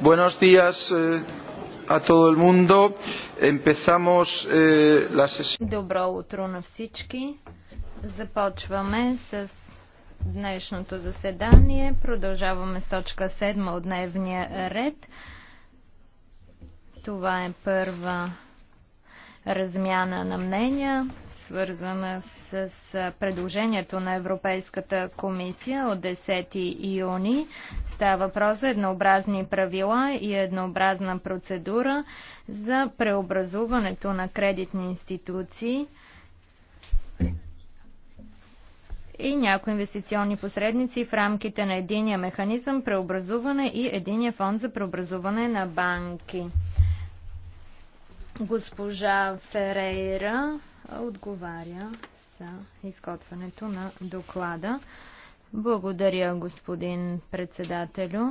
Buenos días eh, a todo el mundo. Empezamos eh, la sesión. Добро утро на всички. Започваме с днешното заседание. Продължаваме с точка 7 от дневния ред. Това е първа размяна на мнения свързана с предложението на Европейската комисия от 10 юни. Става въпрос за еднообразни правила и еднообразна процедура за преобразуването на кредитни институции и някои инвестиционни посредници в рамките на единия механизъм преобразуване и единия фонд за преобразуване на банки. Госпожа Ферейра отговаря за изготвянето на доклада. Благодаря, господин председателю.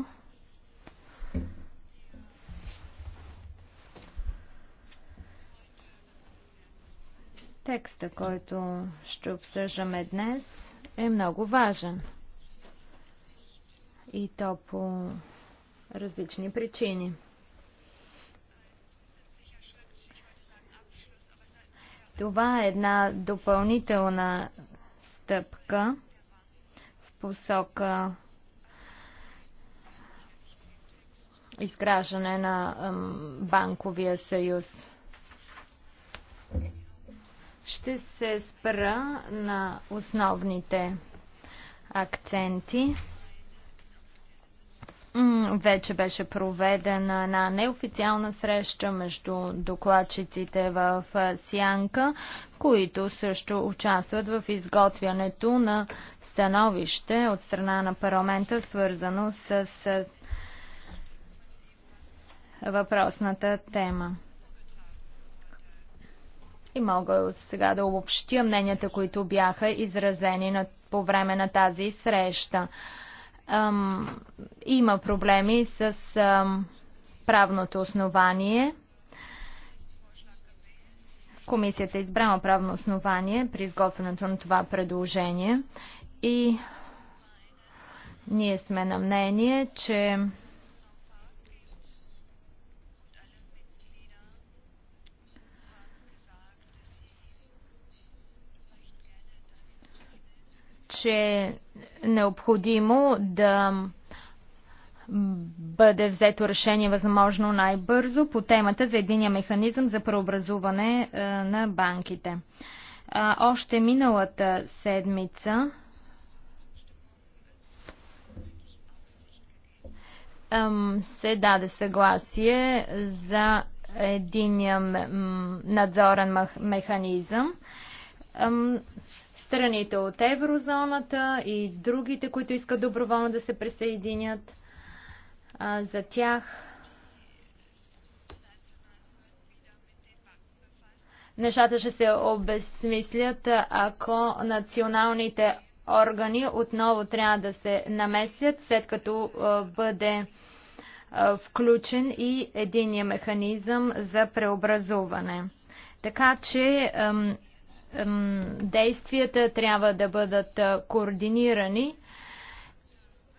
Текста, който ще обсъждаме днес, е много важен. И то по различни причини. Това е една допълнителна стъпка в посока изграждане на банковия съюз. Ще се спра на основните акценти. Вече беше проведена на неофициална среща между докладчиците в Сянка, които също участват в изготвянето на становище от страна на парламента, свързано с въпросната тема. И мога от сега да обобщя мненията, които бяха изразени по време на тази среща ам, има проблеми с ам, правното основание. Комисията е избрала правно основание при изготвянето на това предложение и ние сме на мнение, че че необходимо да бъде взето решение възможно най-бързо по темата за единия механизъм за преобразуване е, на банките. Още миналата седмица се даде съгласие за единия надзорен механизъм страните от еврозоната и другите, които искат доброволно да се присъединят. А, за тях нещата ще се обезсмислят, ако националните органи отново трябва да се намесят, след като бъде включен и единия механизъм за преобразуване. Така че действията трябва да бъдат координирани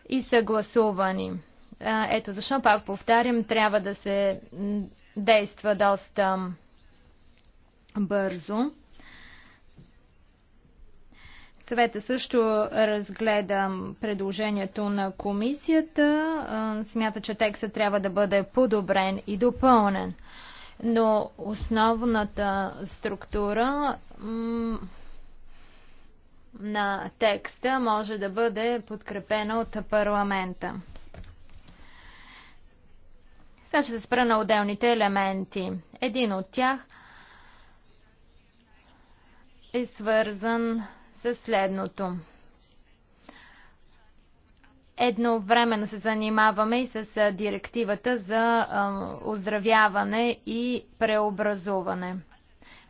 и съгласувани. Ето защо, пак повтарям, трябва да се действа доста бързо. Съвета също разгледа предложението на комисията. Смята, че текстът трябва да бъде подобрен и допълнен но основната структура на текста може да бъде подкрепена от парламента. Сега ще се спра на отделните елементи. Един от тях е свързан с следното – Едновременно се занимаваме и с директивата за оздравяване и преобразуване.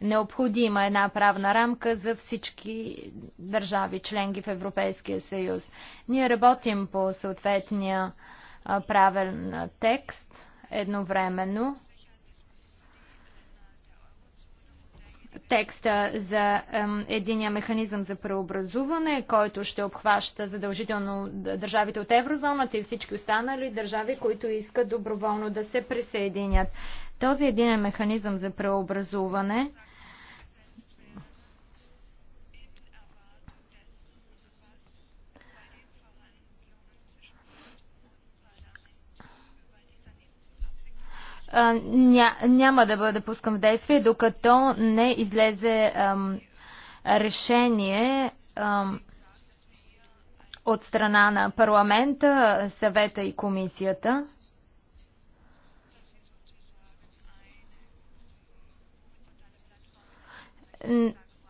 Необходима е една правна рамка за всички държави членки в Европейския съюз. Ние работим по съответния правен текст едновременно. текста за единия механизъм за преобразуване, който ще обхваща задължително държавите от еврозоната и всички останали държави, които искат доброволно да се присъединят. Този единен механизъм за преобразуване ня, няма да бъде пускан в действие, докато не излезе ам, решение ам, от страна на парламента, съвета и комисията.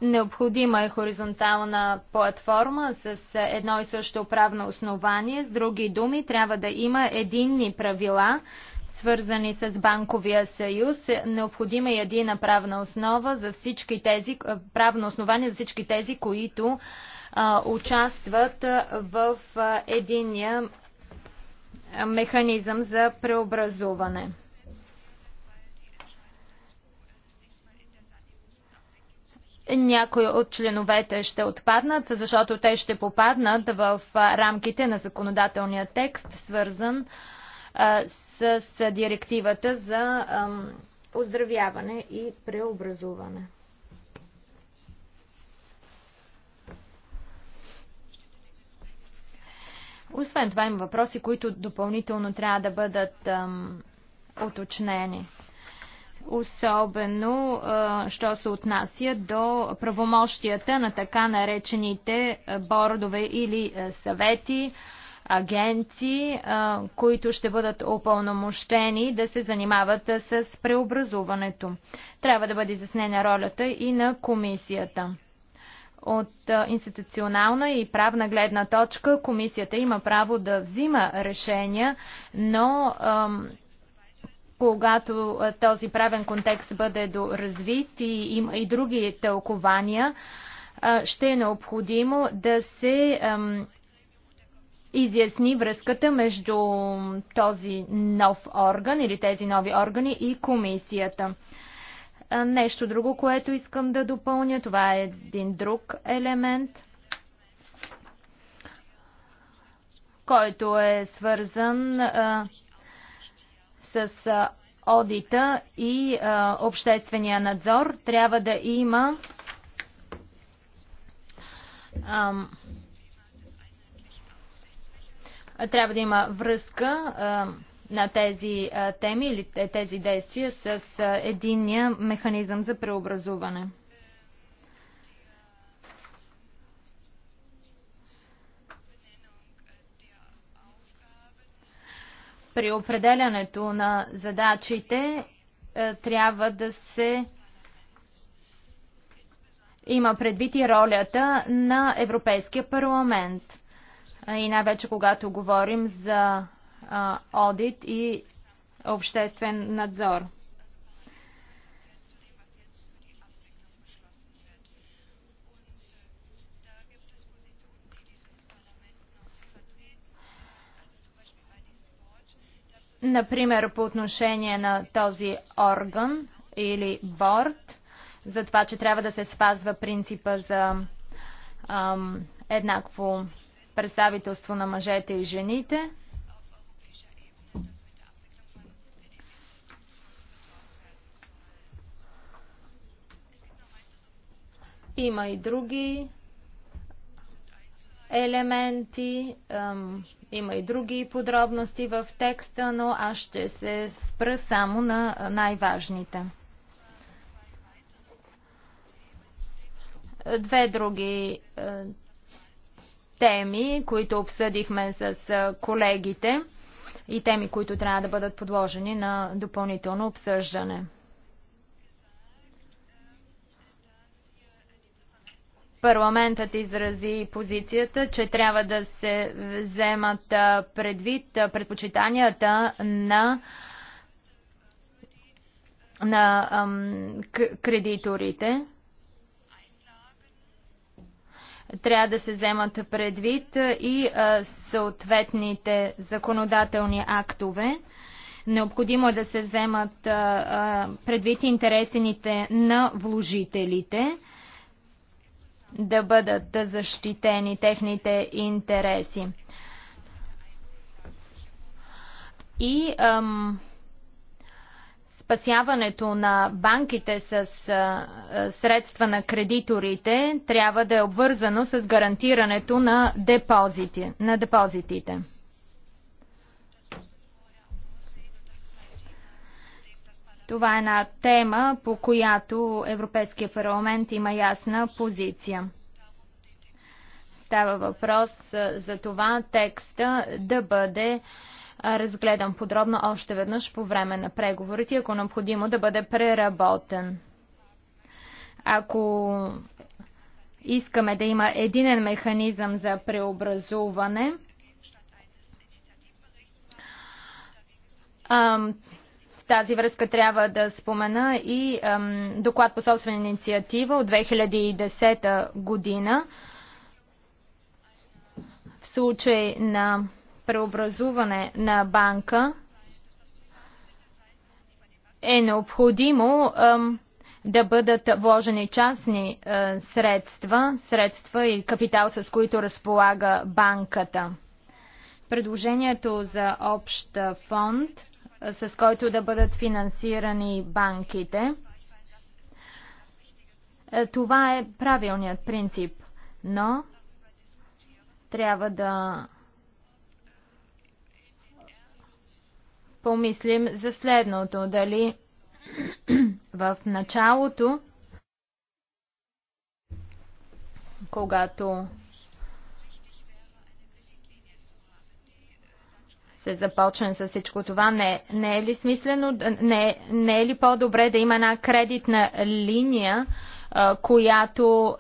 Необходима е хоризонтална платформа с едно и също правно основание. С други думи, трябва да има единни правила, свързани с банковия съюз. Необходима е едина правна основа за всички тези, правно основание за всички тези, които а, участват в а, единия механизъм за преобразуване. Някои от членовете ще отпаднат, защото те ще попаднат в рамките на законодателния текст, свързан с директивата за оздравяване и преобразуване. Освен това има въпроси, които допълнително трябва да бъдат ам, уточнени. Особено, а, що се отнася до правомощията на така наречените бордове или а, съвети агенции, които ще бъдат опълномощени да се занимават с преобразуването. Трябва да бъде заснена ролята и на комисията. От институционална и правна гледна точка комисията има право да взима решения, но когато този правен контекст бъде доразвит и има и други тълкования, ще е необходимо да се изясни връзката между този нов орган или тези нови органи и комисията. Нещо друго, което искам да допълня, това е един друг елемент, който е свързан а, с а, одита и а, обществения надзор. Трябва да има А, трябва да има връзка на тези теми или тези действия с единния механизъм за преобразуване. При определянето на задачите трябва да се има предвид и ролята на Европейския парламент и най-вече когато говорим за одит и обществен надзор. Например, по отношение на този орган или борт, за това, че трябва да се спазва принципа за еднакво представителство на мъжете и жените. Има и други елементи, има и други подробности в текста, но аз ще се спра само на най-важните. Две други е, теми, които обсъдихме с колегите и теми, които трябва да бъдат подложени на допълнително обсъждане. Парламентът изрази позицията, че трябва да се вземат предвид предпочитанията на, на ам, кредиторите трябва да се вземат предвид и съответните законодателни актове. Необходимо е да се вземат предвид интересените на вложителите, да бъдат защитени техните интереси. И ам, спасяването на банките с средства на кредиторите трябва да е обвързано с гарантирането на, депозити, на депозитите. Това е една тема, по която Европейския парламент има ясна позиция. Става въпрос за това текста да бъде разгледан подробно още веднъж по време на преговорите, ако е необходимо да бъде преработен. Ако искаме да има единен механизъм за преобразуване, в тази връзка трябва да спомена и доклад по собствена инициатива от 2010 година в случай на преобразуване на банка е необходимо да бъдат вложени частни средства, средства и капитал, с които разполага банката. Предложението за общ фонд, с който да бъдат финансирани банките, това е правилният принцип, но трябва да помислим за следното. Дали в началото, когато се започне с всичко това, не, не е ли смислено, не, не е ли по-добре да има една кредитна линия, която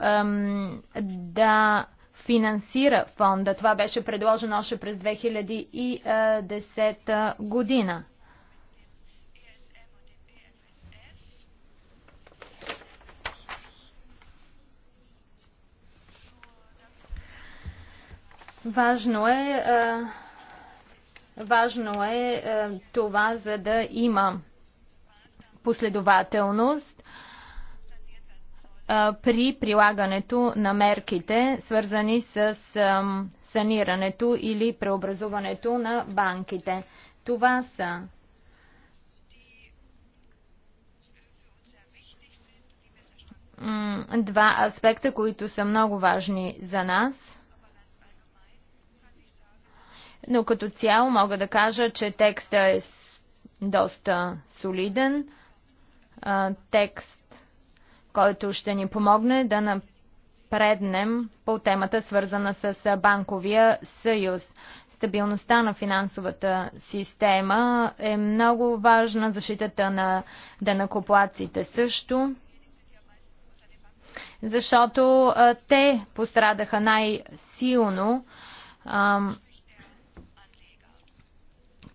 да финансира фонда. Това беше предложено още през 2010 година. Важно е, важно е това, за да има последователност при прилагането на мерките, свързани с санирането или преобразуването на банките. Това са два аспекта, които са много важни за нас. Но като цяло мога да кажа, че текстът е доста солиден. Текст който ще ни помогне да напреднем по темата, свързана с банковия съюз. Стабилността на финансовата система е много важна, защитата на данакоплаците също защото те пострадаха най-силно,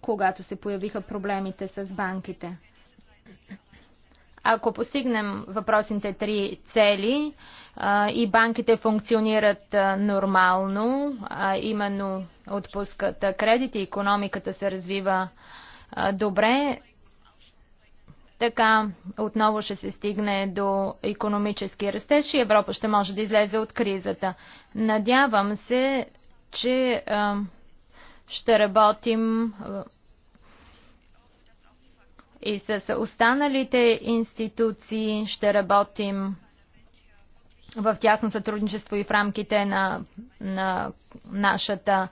когато се появиха проблемите с банките. Ако постигнем въпросните три цели а, и банките функционират а, нормално, а именно отпускат кредити, економиката се развива а, добре, така отново ще се стигне до економически растеж и Европа ще може да излезе от кризата. Надявам се, че а, ще работим и с останалите институции ще работим в тясно сътрудничество и в рамките на, на нашата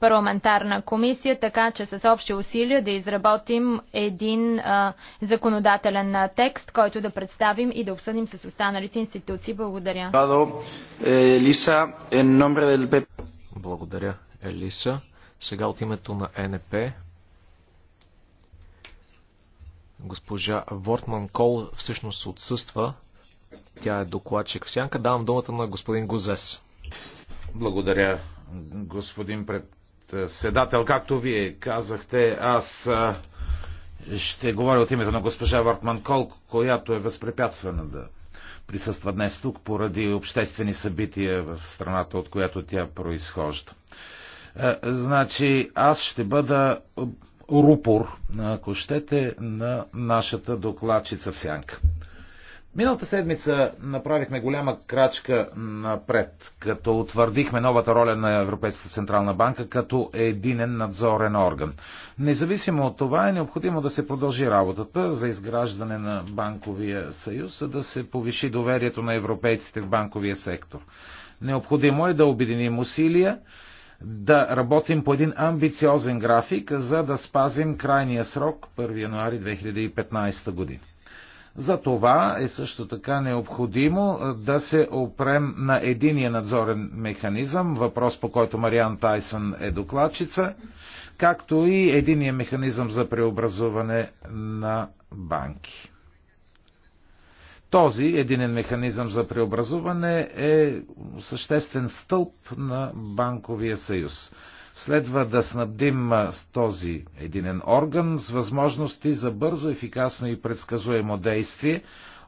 парламентарна комисия, така че с общи усилия да изработим един а, законодателен а, текст, който да представим и да обсъдим с останалите институции. Благодаря. Е, е, Благодаря, Елиса. Сега от името на НП Госпожа Вортман Кол всъщност отсъства. Тя е докладчик в сянка. Давам думата на господин Гозес. Благодаря, господин председател. Както вие казахте, аз ще говоря от името на госпожа Вортман Кол, която е възпрепятствана да присъства днес тук поради обществени събития в страната, от която тя произхожда. Значи, аз ще бъда рупор, ако щете, на нашата докладчица в сянка. Миналата седмица направихме голяма крачка напред, като утвърдихме новата роля на Европейската централна банка като единен надзорен орган. Независимо от това е необходимо да се продължи работата за изграждане на банковия съюз, за да се повиши доверието на европейците в банковия сектор. Необходимо е да обединим усилия да работим по един амбициозен график, за да спазим крайния срок 1 януари 2015 година. За това е също така необходимо да се опрем на единия надзорен механизъм, въпрос по който Мариан Тайсън е докладчица, както и единия механизъм за преобразуване на банки. Този единен механизъм за преобразуване е съществен стълб на банковия съюз. Следва да снабдим с този единен орган с възможности за бързо, ефикасно и предсказуемо действие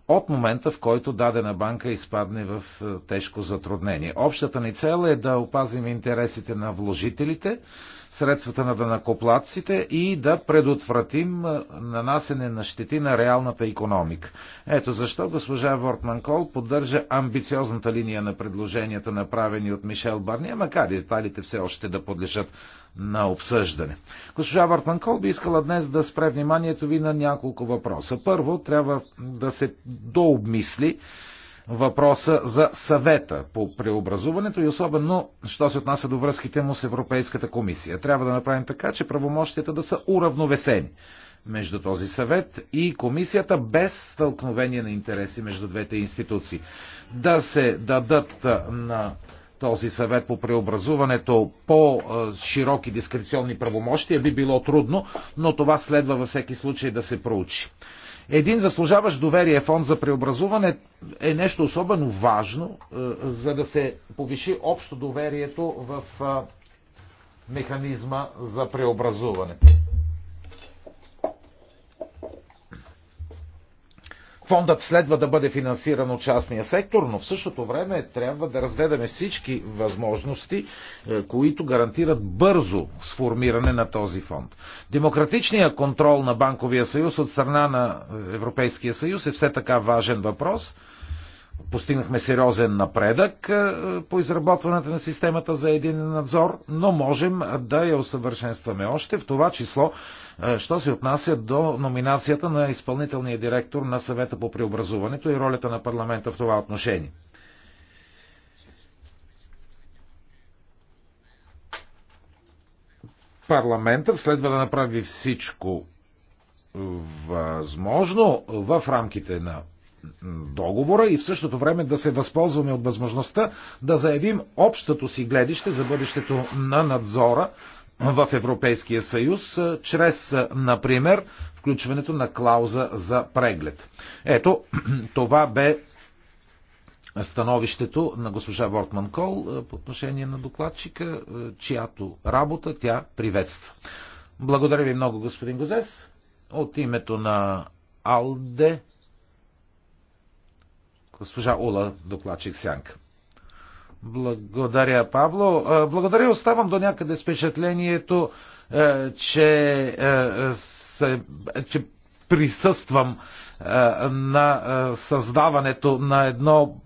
от момента, в който дадена банка изпадне в е, тежко затруднение. Общата ни цел е да опазим интересите на вложителите, средствата на дънакоплатците и да предотвратим нанасене на щети на реалната економика. Ето защо госпожа Вортман Кол поддържа амбициозната линия на предложенията, направени от Мишел Барния, макар и деталите все още да подлежат на обсъждане. Госпожа Вортман Кол би искала днес да спре вниманието ви на няколко въпроса. Първо, трябва да се дообмисли въпроса за съвета по преобразуването и особено, що се отнася до връзките му с Европейската комисия. Трябва да направим така, че правомощията да са уравновесени между този съвет и комисията без стълкновение на интереси между двете институции. Да се дадат на този съвет по преобразуването по-широки дискреционни правомощия би било трудно, но това следва във всеки случай да се проучи. Един заслужаващ доверие фонд за преобразуване е нещо особено важно, е, за да се повиши общо доверието в е, механизма за преобразуване. Фондът следва да бъде финансиран от частния сектор, но в същото време трябва да разгледаме всички възможности, е, които гарантират бързо сформиране на този фонд. Демократичният контрол на Банковия съюз от страна на Европейския съюз е все така важен въпрос – Постигнахме сериозен напредък е, по изработването на системата за един надзор, но можем да я усъвършенстваме още, в това число, е, що се отнася до номинацията на изпълнителния директор на съвета по преобразуването и ролята на парламента в това отношение. Парламентът следва да направи всичко възможно в рамките на договора и в същото време да се възползваме от възможността да заявим общото си гледище за бъдещето на надзора в Европейския съюз, чрез, например, включването на клауза за преглед. Ето, това бе становището на госпожа Вортман Кол по отношение на докладчика, чиято работа тя приветства. Благодаря ви много, господин Гозес. От името на Алде Госпожа Ола, докладчик Сянка. Благодаря, Павло. Е, благодаря, оставам до някъде с впечатлението, е, че, е, се, че присъствам на създаването на едно,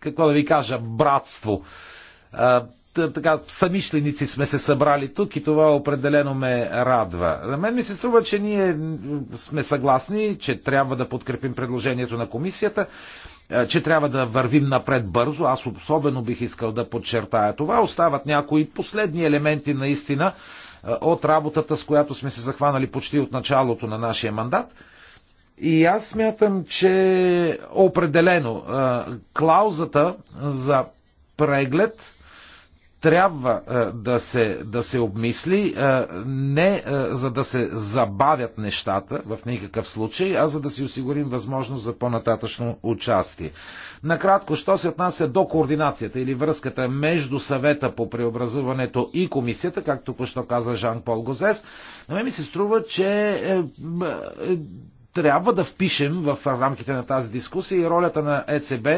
какво да ви кажа, братство. Така, самишленици сме се събрали тук и това определено ме радва. На мен ми се струва, че ние сме съгласни, че трябва да подкрепим предложението на комисията е, че трябва да вървим напред бързо. Аз особено бих искал да подчертая това. Остават някои последни елементи наистина е, от работата, с която сме се захванали почти от началото на нашия мандат. И аз смятам, че определено е, клаузата за преглед трябва е, да се, да се обмисли, е, не е, за да се забавят нещата в никакъв случай, а за да си осигурим възможност за по-нататъчно участие. Накратко, що се отнася до координацията или връзката между съвета по преобразуването и комисията, както току-що каза Жан-Пол Гозес, но ми се струва, че трябва да впишем в рамките на тази дискусия и ролята на ЕЦБ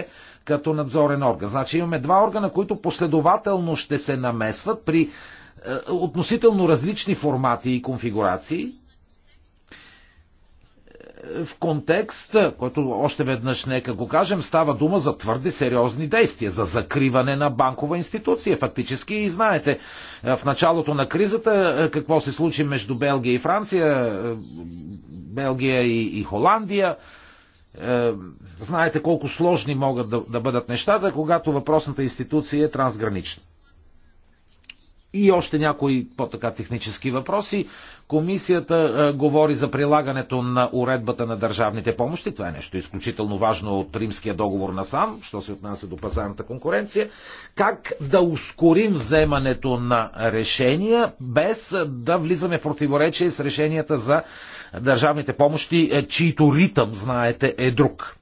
като надзорен орган. Значи имаме два органа, които последователно ще се намесват при е, относително различни формати и конфигурации в контекст, който още веднъж нека го кажем, става дума за твърде сериозни действия, за закриване на банкова институция. Фактически и знаете, в началото на кризата е, какво се случи между Белгия и Франция, е, Белгия и, и Холандия. Е, знаете колко сложни могат да, да бъдат нещата, когато въпросната институция е трансгранична и още някои по-така технически въпроси. Комисията е, говори за прилагането на уредбата на държавните помощи. Това е нещо изключително важно от римския договор на сам, що се отнася до пазарната конкуренция. Как да ускорим вземането на решения, без да влизаме в противоречие с решенията за държавните помощи, е, чието ритъм, знаете, е друг.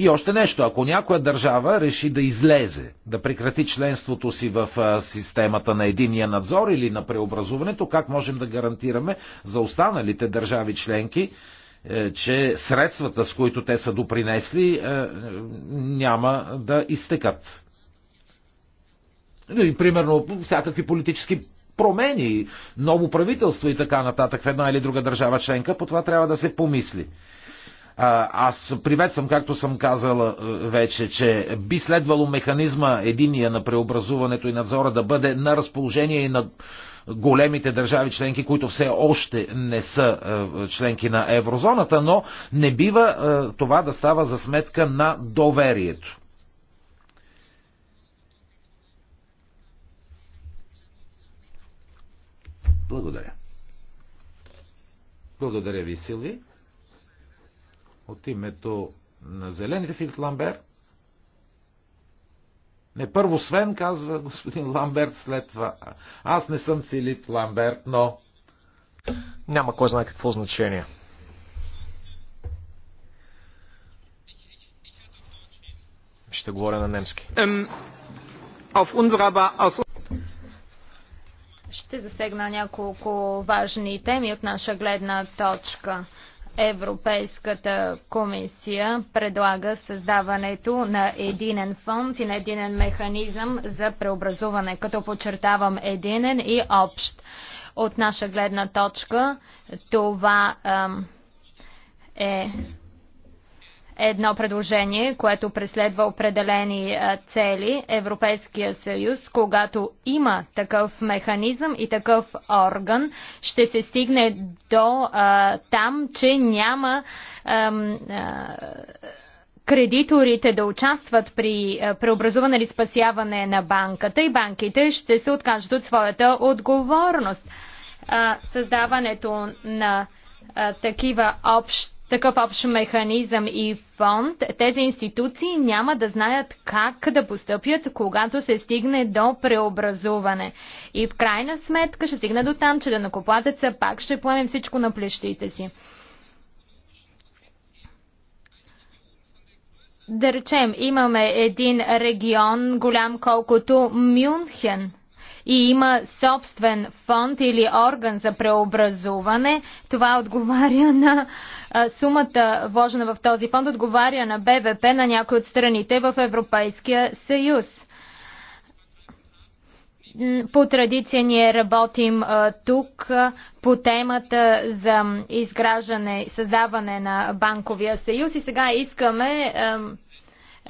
И още нещо, ако някоя държава реши да излезе, да прекрати членството си в системата на единия надзор или на преобразуването, как можем да гарантираме за останалите държави членки, е, че средствата, с които те са допринесли, е, е, няма да изтекат. И, нали, примерно, всякакви политически промени, ново правителство и така нататък в една или друга държава членка, по това трябва да се помисли. Аз приветствам, както съм казал е, вече, че би следвало механизма единия на преобразуването и надзора да бъде на разположение и на големите държави членки, които все още не са е, членки на еврозоната, но не бива е, това да става за сметка на доверието. Благодаря. Благодаря ви, Силви. От името на зелените Филип Ламбер. Не първо Свен, казва господин Ламберт, след това. Аз не съм Филип Ламберт, но... Няма кой знае какво значение. Ще говоря на немски. Ще засегна няколко важни теми от наша гледна точка. Европейската комисия предлага създаването на единен фонд и на единен механизъм за преобразуване, като подчертавам единен и общ. От наша гледна точка това е едно предложение, което преследва определени цели. Европейския съюз, когато има такъв механизъм и такъв орган, ще се стигне до а, там, че няма ам, а, кредиторите да участват при преобразуване или спасяване на банката и банките ще се откажат от своята отговорност. А, създаването на такива общи такъв общ механизъм и фонд, тези институции няма да знаят как да постъпят, когато се стигне до преобразуване. И в крайна сметка ще стигне до там, че да накоплатеца пак ще поемем всичко на плещите си. Да речем, имаме един регион голям колкото Мюнхен и има собствен фонд или орган за преобразуване, това отговаря на сумата вложена в този фонд, отговаря на БВП на някои от страните в Европейския съюз. По традиция ние работим а, тук а, по темата за изграждане, създаване на банковия съюз и сега искаме а,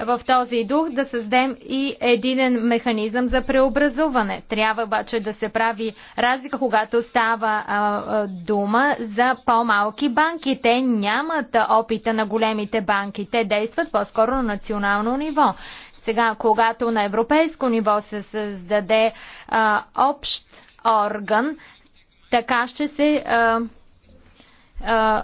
в този дух да създадем и единен механизъм за преобразуване. Трябва обаче да се прави разлика, когато става а, а, дума за по-малки банки. Те нямат опита на големите банки. Те действат по-скоро на национално ниво. Сега, когато на европейско ниво се създаде а, общ орган, така ще се а, а,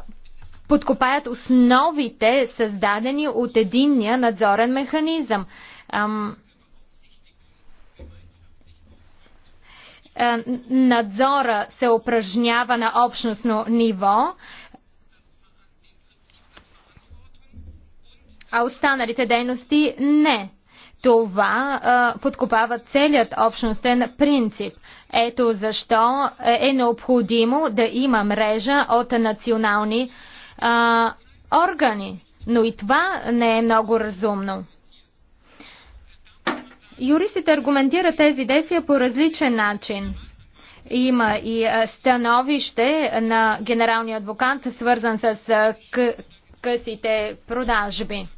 подкопаят основите, създадени от единния надзорен механизъм. Ам, надзора се упражнява на общностно ниво, а останалите дейности не. Това а, подкопава целият общностен принцип. Ето защо е, е необходимо да има мрежа от национални а, а, органи. Но и това не е много разумно. Юристите аргументират тези действия по различен начин. Има и становище на генералния адвокат, свързан с късите продажби.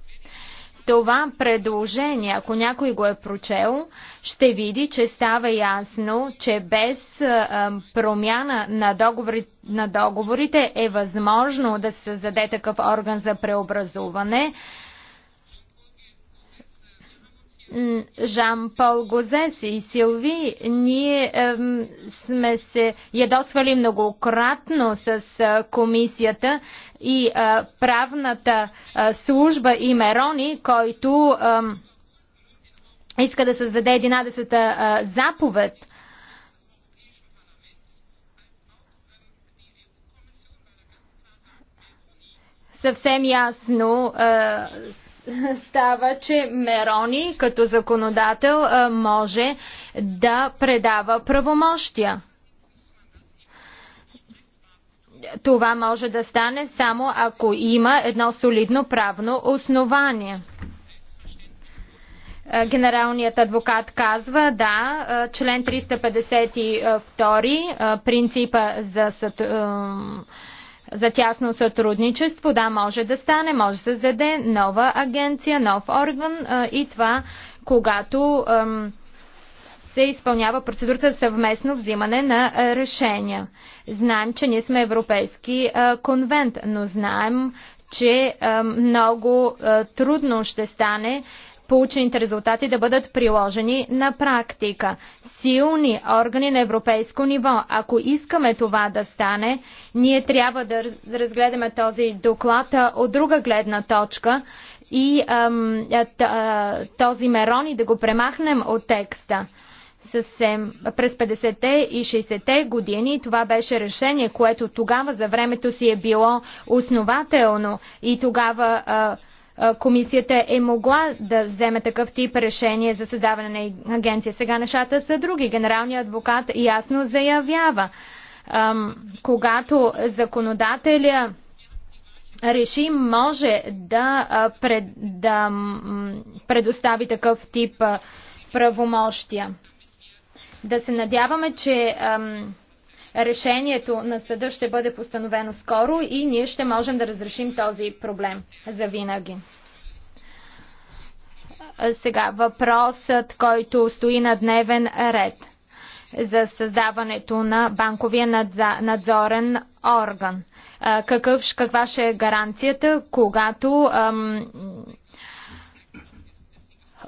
Това предложение, ако някой го е прочел, ще види, че става ясно, че без промяна на договорите, на договорите е възможно да се създаде такъв орган за преобразуване. Жан-Пол Гозес и Силви, ние ем, сме се ядосвали многократно с е, комисията и е, правната е, служба и Мерони, който е, иска да създаде 11-та е, заповед. Съвсем ясно е, става, че Мерони като законодател може да предава правомощия. Това може да стане само ако има едно солидно правно основание. Генералният адвокат казва, да, член 352, принципа за за тясно сътрудничество. Да, може да стане, може да се заде нова агенция, нов орган а, и това, когато ам, се изпълнява процедурата за съвместно взимане на решения. Знаем, че ние сме Европейски а, конвент, но знаем, че а, много а, трудно ще стане получените резултати да бъдат приложени на практика. Силни органи на европейско ниво. Ако искаме това да стане, ние трябва да разгледаме този доклад от друга гледна точка и ам, този Мерони да го премахнем от текста. Съвсем през 50-те и 60-те години това беше решение, което тогава за времето си е било основателно и тогава а, комисията е могла да вземе такъв тип решение за създаване на агенция. Сега нещата са други. Генералният адвокат ясно заявява, когато законодателя реши, може да, пред, да предостави такъв тип правомощия. Да се надяваме, че решението на съда ще бъде постановено скоро и ние ще можем да разрешим този проблем за винаги. Сега въпросът, който стои на дневен ред за създаването на банковия надзорен орган. Какъв, каква ще е гаранцията, когато ам,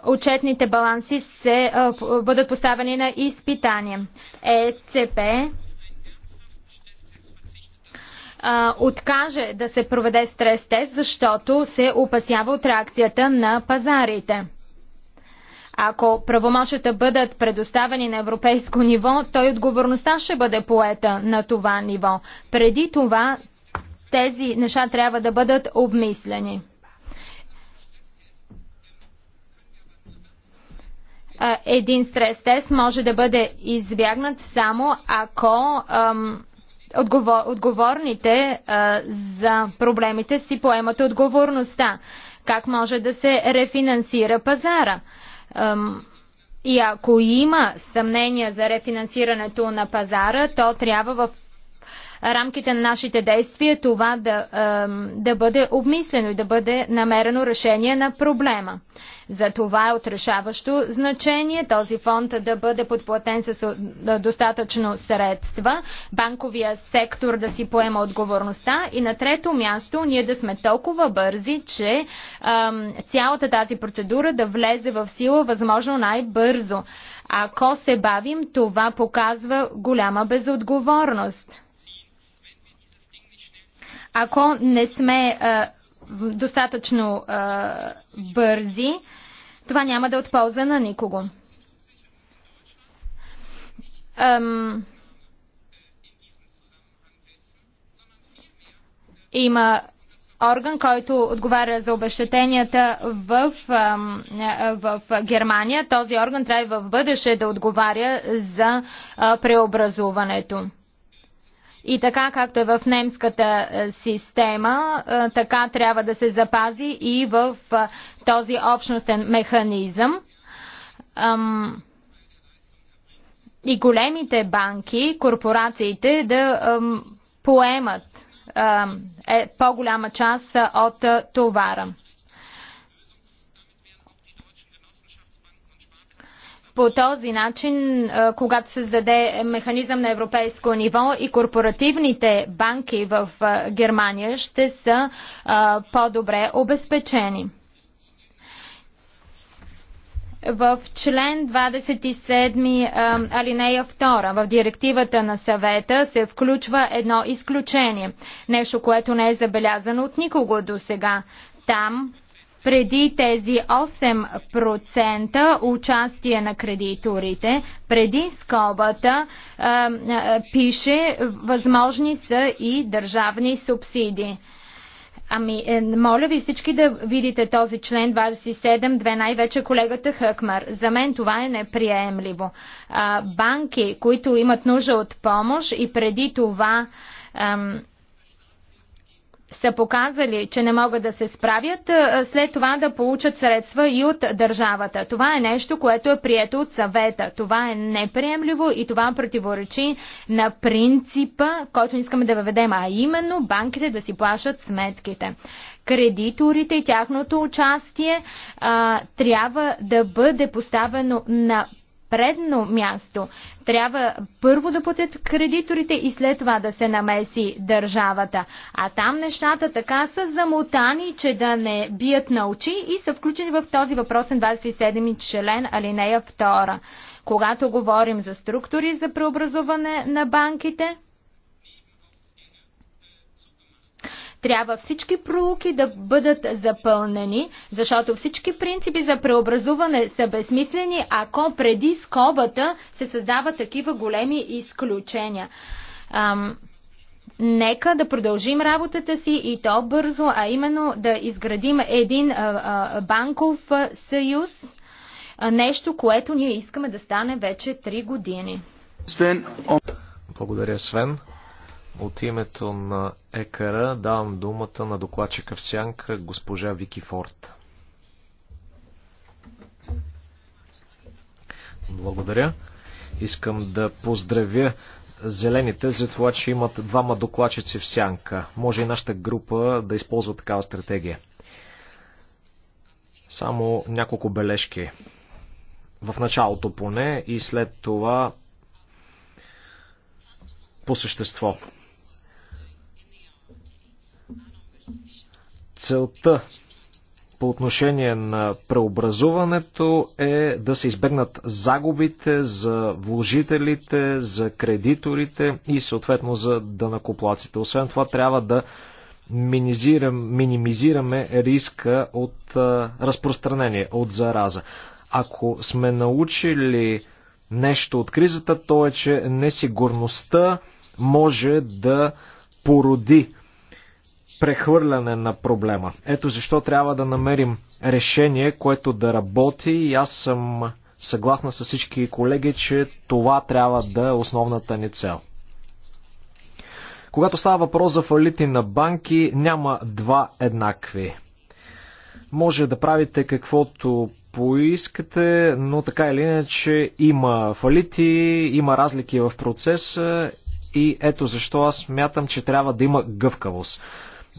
отчетните баланси се, а, бъдат поставени на изпитание? ЕЦП а, откаже да се проведе стрес тест, защото се опасява от реакцията на пазарите. Ако правомощата бъдат предоставени на европейско ниво, той отговорността ще бъде поета на това ниво. Преди това тези неща трябва да бъдат обмислени. един стрес тест може да бъде избягнат само ако ам, отговор, отговорните а, за проблемите си поемат отговорността. Как може да се рефинансира пазара? Ам, и ако има съмнения за рефинансирането на пазара, то трябва в рамките на нашите действия това да, да бъде обмислено и да бъде намерено решение на проблема. За това е отрешаващо значение този фонд да бъде подплатен с достатъчно средства, банковия сектор да си поема отговорността и на трето място ние да сме толкова бързи, че ам, цялата тази процедура да влезе в сила възможно най-бързо. Ако се бавим, това показва голяма безотговорност ако не сме а, е, достатъчно а, е, бързи, това няма да е от полза на никого. Ам... Има орган, който отговаря за обещетенията в, в Германия. Този орган трябва в бъдеще да отговаря за преобразуването. И така, както е в немската е, система, е, така трябва да се запази и в е, този общностен механизъм. И големите банки, корпорациите да поемат по-голяма част от товара. По този начин, е, когато се създаде механизъм на европейско ниво и корпоративните банки в е, Германия ще са е, по-добре обезпечени. В член 27 алинея 2 в директивата на съвета се включва едно изключение. Нещо, което не е забелязано от никого до сега. Там преди тези 8% участие на кредиторите, преди скобата а, а, пише възможни са и държавни субсидии. Ами, е, моля ви всички да видите този член 27, 2 най-вече колегата Хъкмар. За мен това е неприемливо. А, банки, които имат нужда от помощ и преди това ам, са показали, че не могат да се справят, след това да получат средства и от държавата. Това е нещо, което е прието от съвета. Това е неприемливо и това противоречи на принципа, който искаме да въведем, а именно банките да си плащат сметките. Кредиторите и тяхното участие а, трябва да бъде поставено на предно място. Трябва първо да платят кредиторите и след това да се намеси държавата. А там нещата така са замотани, че да не бият на очи и са включени в този въпрос на 27 член алинея 2. Когато говорим за структури за преобразуване на банките, Трябва всички пролуки да бъдат запълнени, защото всички принципи за преобразуване са безсмислени, ако преди скобата се създават такива големи изключения. Ам, нека да продължим работата си и то бързо, а именно да изградим един а, а, банков съюз, а, нещо, което ние искаме да стане вече 3 години. Благодаря, Свен. От името на ЕКР давам думата на докладчика в сянка госпожа Вики Форд. Благодаря. Искам да поздравя зелените за това, че имат двама докладчици в сянка. Може и нашата група да използва такава стратегия. Само няколко бележки. В началото поне и след това по същество. Целта по отношение на преобразуването е да се избегнат загубите за вложителите, за кредиторите и съответно за дънакоплаците. Освен това трябва да минимизираме риска от разпространение, от зараза. Ако сме научили нещо от кризата, то е, че несигурността може да породи прехвърляне на проблема. Ето защо трябва да намерим решение, което да работи и аз съм съгласна с всички колеги, че това трябва да е основната ни цел. Когато става въпрос за фалити на банки, няма два еднакви. Може да правите каквото поискате, но така или иначе има фалити, има разлики в процеса и ето защо аз мятам, че трябва да има гъвкавост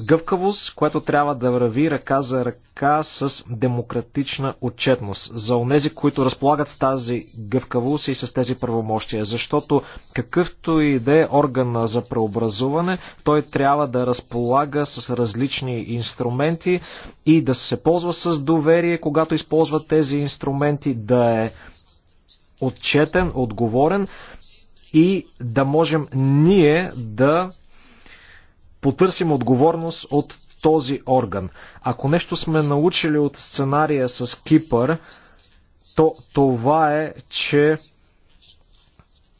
гъвкавост, която трябва да върви ръка за ръка с демократична отчетност. За онези, които разполагат с тази гъвкавост и с тези правомощия. Защото какъвто и да е органа за преобразуване, той трябва да разполага с различни инструменти и да се ползва с доверие, когато използва тези инструменти, да е отчетен, отговорен и да можем ние да потърсим отговорност от този орган. Ако нещо сме научили от сценария с Кипър, то това е, че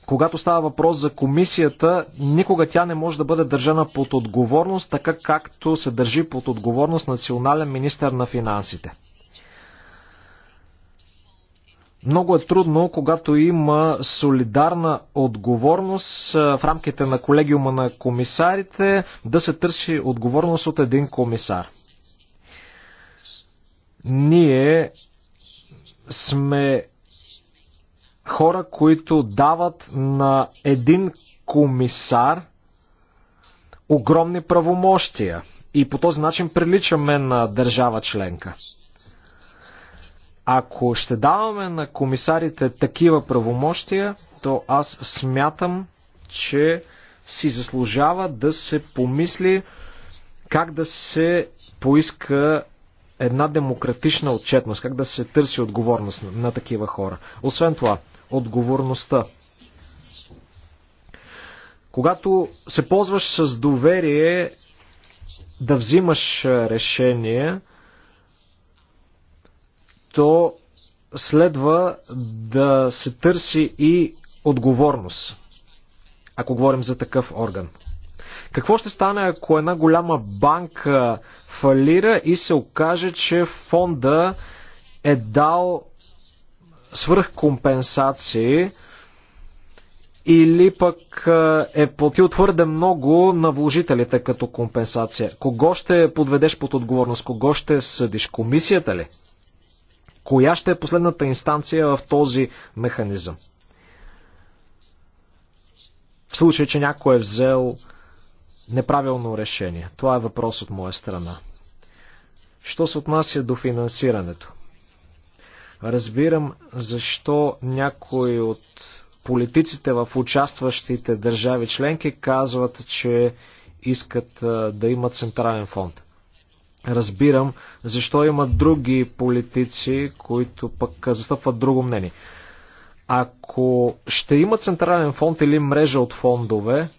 когато става въпрос за комисията, никога тя не може да бъде държана под отговорност, така както се държи под отговорност национален министър на финансите. Много е трудно, когато има солидарна отговорност в рамките на колегиума на комисарите, да се търси отговорност от един комисар. Ние сме хора, които дават на един комисар огромни правомощия и по този начин приличаме на държава членка. Ако ще даваме на комисарите такива правомощия, то аз смятам, че си заслужава да се помисли как да се поиска една демократична отчетност, как да се търси отговорност на, на такива хора. Освен това, отговорността. Когато се ползваш с доверие да взимаш решение, то следва да се търси и отговорност, ако говорим за такъв орган. Какво ще стане, ако една голяма банка фалира и се окаже, че фонда е дал свръхкомпенсации или пък е платил твърде много на вложителите като компенсация? Кого ще подведеш под отговорност? Кого ще съдиш? Комисията ли? коя ще е последната инстанция в този механизъм. В случай, че някой е взел неправилно решение. Това е въпрос от моя страна. Що се отнася до финансирането? Разбирам защо някои от политиците в участващите държави членки казват, че искат да имат централен фонд разбирам защо има други политици, които пък застъпват друго мнение. Ако ще има централен фонд или мрежа от фондове,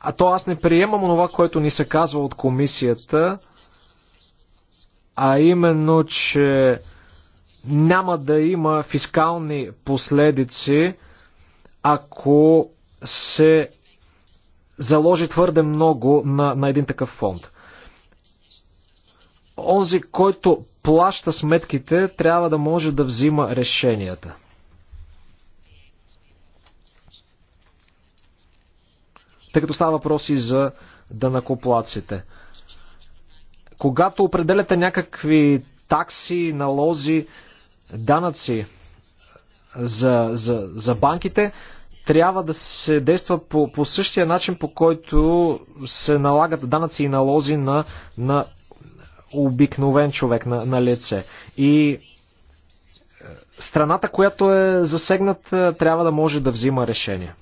а то аз не приемам това, което ни се казва от комисията, а именно, че няма да има фискални последици, ако се заложи твърде много на, на един такъв фонд. Онзи, който плаща сметките, трябва да може да взима решенията. Тъй като става въпроси за данакоплаците. Когато определяте някакви такси, налози, данъци за, за, за банките, трябва да се действа по, по същия начин, по който се налагат данъци и налози на, на обикновен човек, на, на лице. И е, страната, която е засегната, е, трябва да може да взима решение.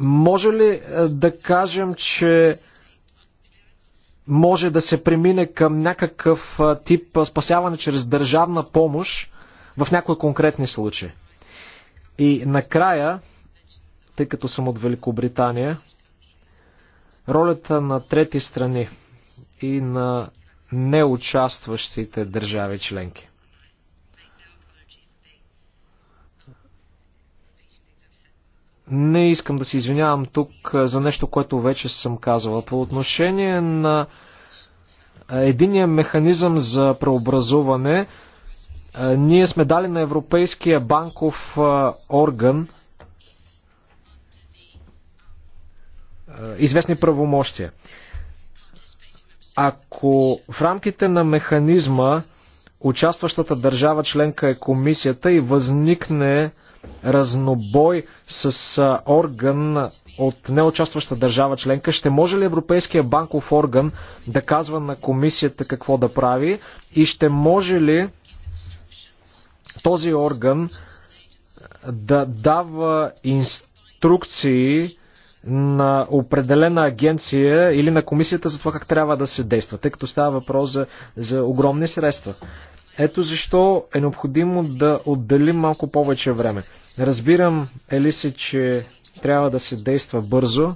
Може ли е, да кажем, че може да се премине към някакъв тип спасяване чрез държавна помощ в някои конкретни случаи. И накрая, тъй като съм от Великобритания, ролята на трети страни и на неучастващите държави членки. Не искам да се извинявам тук за нещо, което вече съм казала. По отношение на единия механизъм за преобразуване, ние сме дали на Европейския банков орган известни правомощия. Ако в рамките на механизма участващата държава членка е комисията и възникне разнобой с орган от неучастваща държава членка, ще може ли Европейския банков орган да казва на комисията какво да прави и ще може ли този орган да дава инструкции на определена агенция или на комисията за това как трябва да се действа, тъй като става въпрос за, за огромни средства. Ето защо е необходимо да отделим малко повече време. Разбирам, Елиси, че трябва да се действа бързо,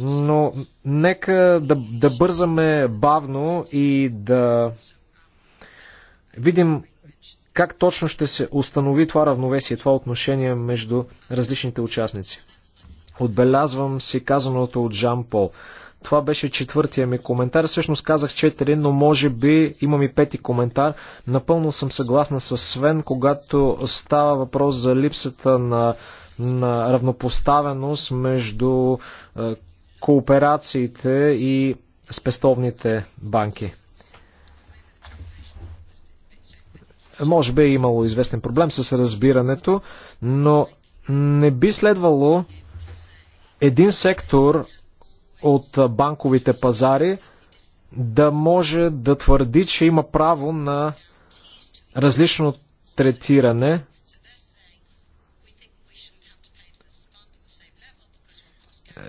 но нека да, да бързаме бавно и да видим как точно ще се установи това равновесие, това отношение между различните участници? Отбелязвам си казаното от Жан Пол. Това беше четвъртия ми коментар. Всъщност казах четири, но може би имам и пети коментар. Напълно съм съгласна с Свен, когато става въпрос за липсата на, на равнопоставеност между е, кооперациите и спестовните банки. Може би е имало известен проблем с разбирането, но не би следвало един сектор от банковите пазари да може да твърди, че има право на различно третиране.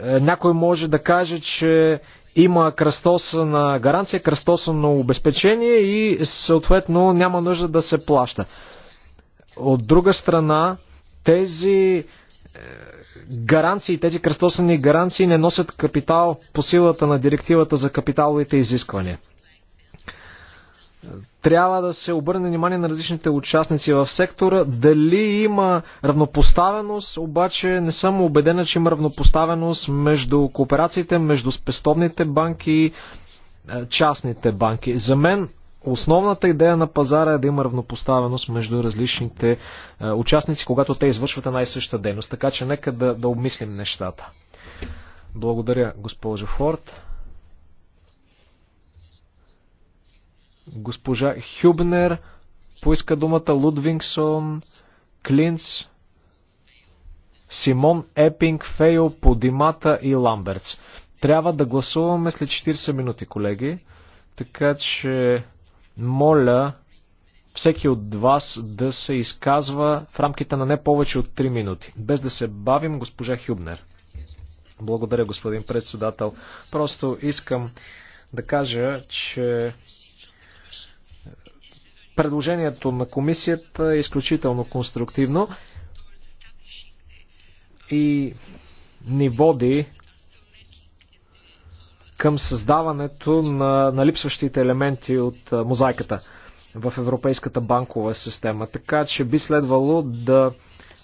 Някой може да каже, че има на гаранция, кръстосно обезпечение и съответно няма нужда да се плаща. От друга страна, тези е, гаранции, тези кръстосани гаранции не носят капитал по силата на директивата за капиталовите изисквания трябва да се обърне внимание на различните участници в сектора. Дали има равнопоставеност, обаче не съм убедена, че има равнопоставеност между кооперациите, между спестовните банки и е, частните банки. За мен основната идея на пазара е да има равнопоставеност между различните е, участници, когато те извършват една и съща дейност. Така че нека да, да обмислим нещата. Благодаря, госпожо Форд. Госпожа Хюбнер поиска думата Лудвингсон, Клинц, Симон Епинг, Фейл, Подимата и Ламберц. Трябва да гласуваме след 40 минути, колеги. Така че, моля, всеки от вас да се изказва в рамките на не повече от 3 минути. Без да се бавим, госпожа Хюбнер. Благодаря, господин председател. Просто искам да кажа, че Предложението на комисията е изключително конструктивно и ни води към създаването на, на липсващите елементи от мозайката в Европейската банкова система. Така че би следвало да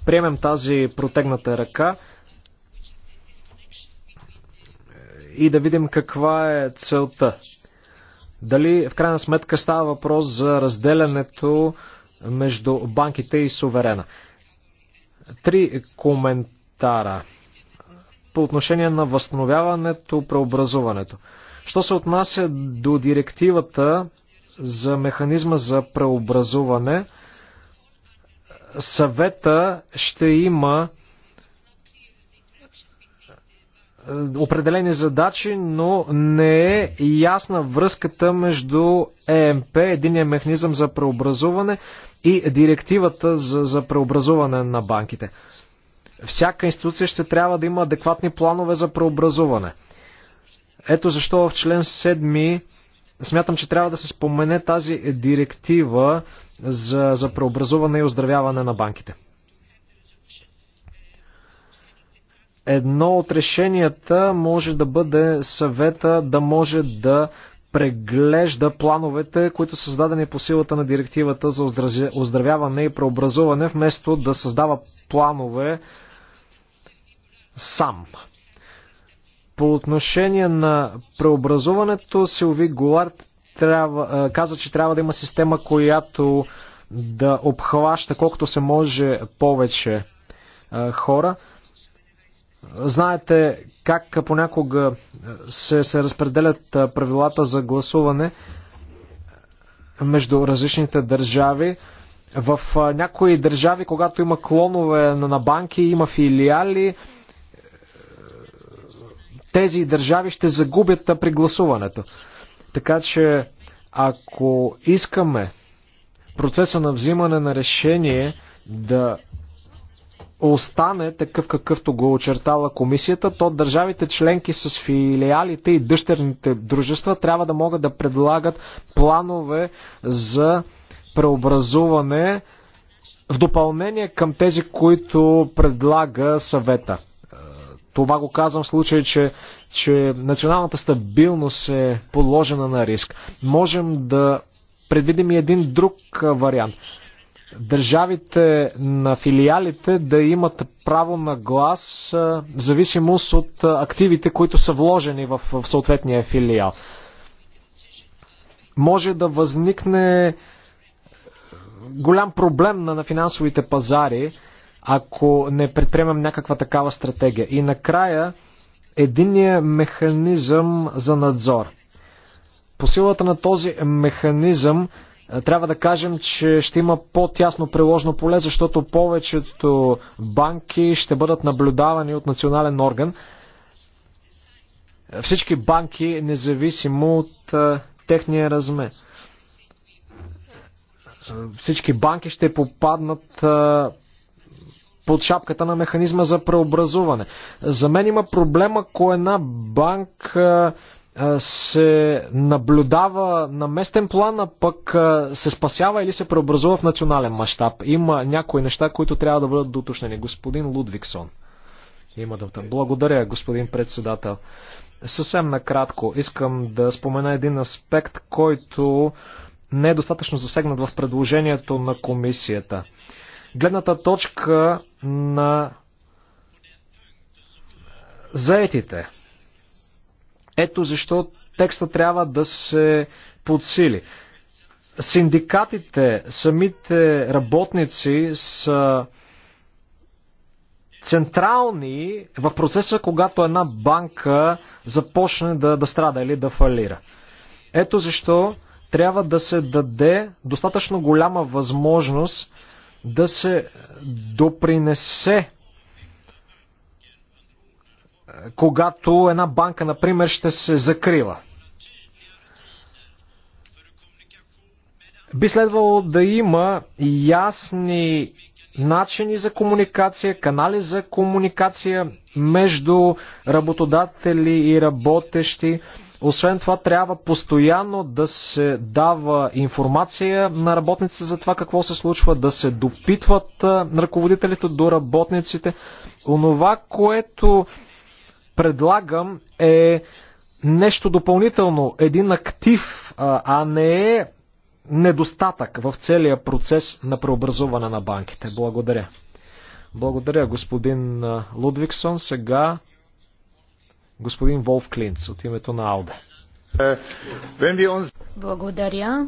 приемем тази протегната ръка и да видим каква е целта дали в крайна сметка става въпрос за разделянето между банките и суверена? Три коментара по отношение на възстановяването, преобразуването. Що се отнася до директивата за механизма за преобразуване, съвета ще има е, определени задачи, но не е ясна връзката между ЕМП, единия механизъм за преобразуване и директивата за, за преобразуване на банките. Всяка институция ще трябва да има адекватни планове за преобразуване. Ето защо в член 7 смятам, че трябва да се спомене тази директива за, за преобразуване и оздравяване на банките. Едно от решенията може да бъде съвета да може да преглежда плановете, които са създадени по силата на директивата за оздравяване и преобразуване, вместо да създава планове сам. По отношение на преобразуването, Силви Голард трябва, каза, че трябва да има система, която да обхваща колкото се може повече хора. Знаете как понякога се, се разпределят правилата за гласуване между различните държави. В някои държави, когато има клонове на банки, има филиали, тези държави ще загубят при гласуването. Така че, ако искаме процеса на взимане на решение да остане такъв какъвто го е очертала комисията, то държавите членки с филиалите и дъщерните дружества трябва да могат да предлагат планове за преобразуване в допълнение към тези, които предлага съвета. Е, това го казвам в случай, че, че националната стабилност е подложена на риск. Можем да предвидим и един друг е, вариант държавите на филиалите да имат право на глас в зависимост от активите, които са вложени в, съответния филиал. Може да възникне голям проблем на, финансовите пазари, ако не предприемам някаква такава стратегия. И накрая, единия механизъм за надзор. По силата на този механизъм, трябва да кажем, че ще има по-тясно приложно поле, защото повечето банки ще бъдат наблюдавани от национален орган. Всички банки, независимо от а, техния размер. Всички банки ще попаднат а, под шапката на механизма за преобразуване. За мен има проблема, ако една банка се наблюдава на местен план, а пък се спасява или се преобразува в национален мащаб. Има някои неща, които трябва да бъдат доточнени. Господин Лудвиксон има думата. Благодаря, господин председател. Съвсем накратко искам да спомена един аспект, който не е достатъчно засегнат в предложението на комисията. Гледната точка на заетите, ето защо текста трябва да се подсили. Синдикатите, самите работници са централни в процеса, когато една банка започне да, да страда или да фалира. Ето защо трябва да се даде достатъчно голяма възможност да се допринесе когато една банка, например, ще се закрива. Би следвало да има ясни начини за комуникация, канали за комуникация между работодатели и работещи. Освен това, трябва постоянно да се дава информация на работниците за това какво се случва, да се допитват ръководителите до работниците. Онова, което предлагам е нещо допълнително, един актив, а не е недостатък в целия процес на преобразуване на банките. Благодаря. Благодаря, господин Лудвиксон. Сега господин Волф Клинц от името на Алде. Е, Благодаря.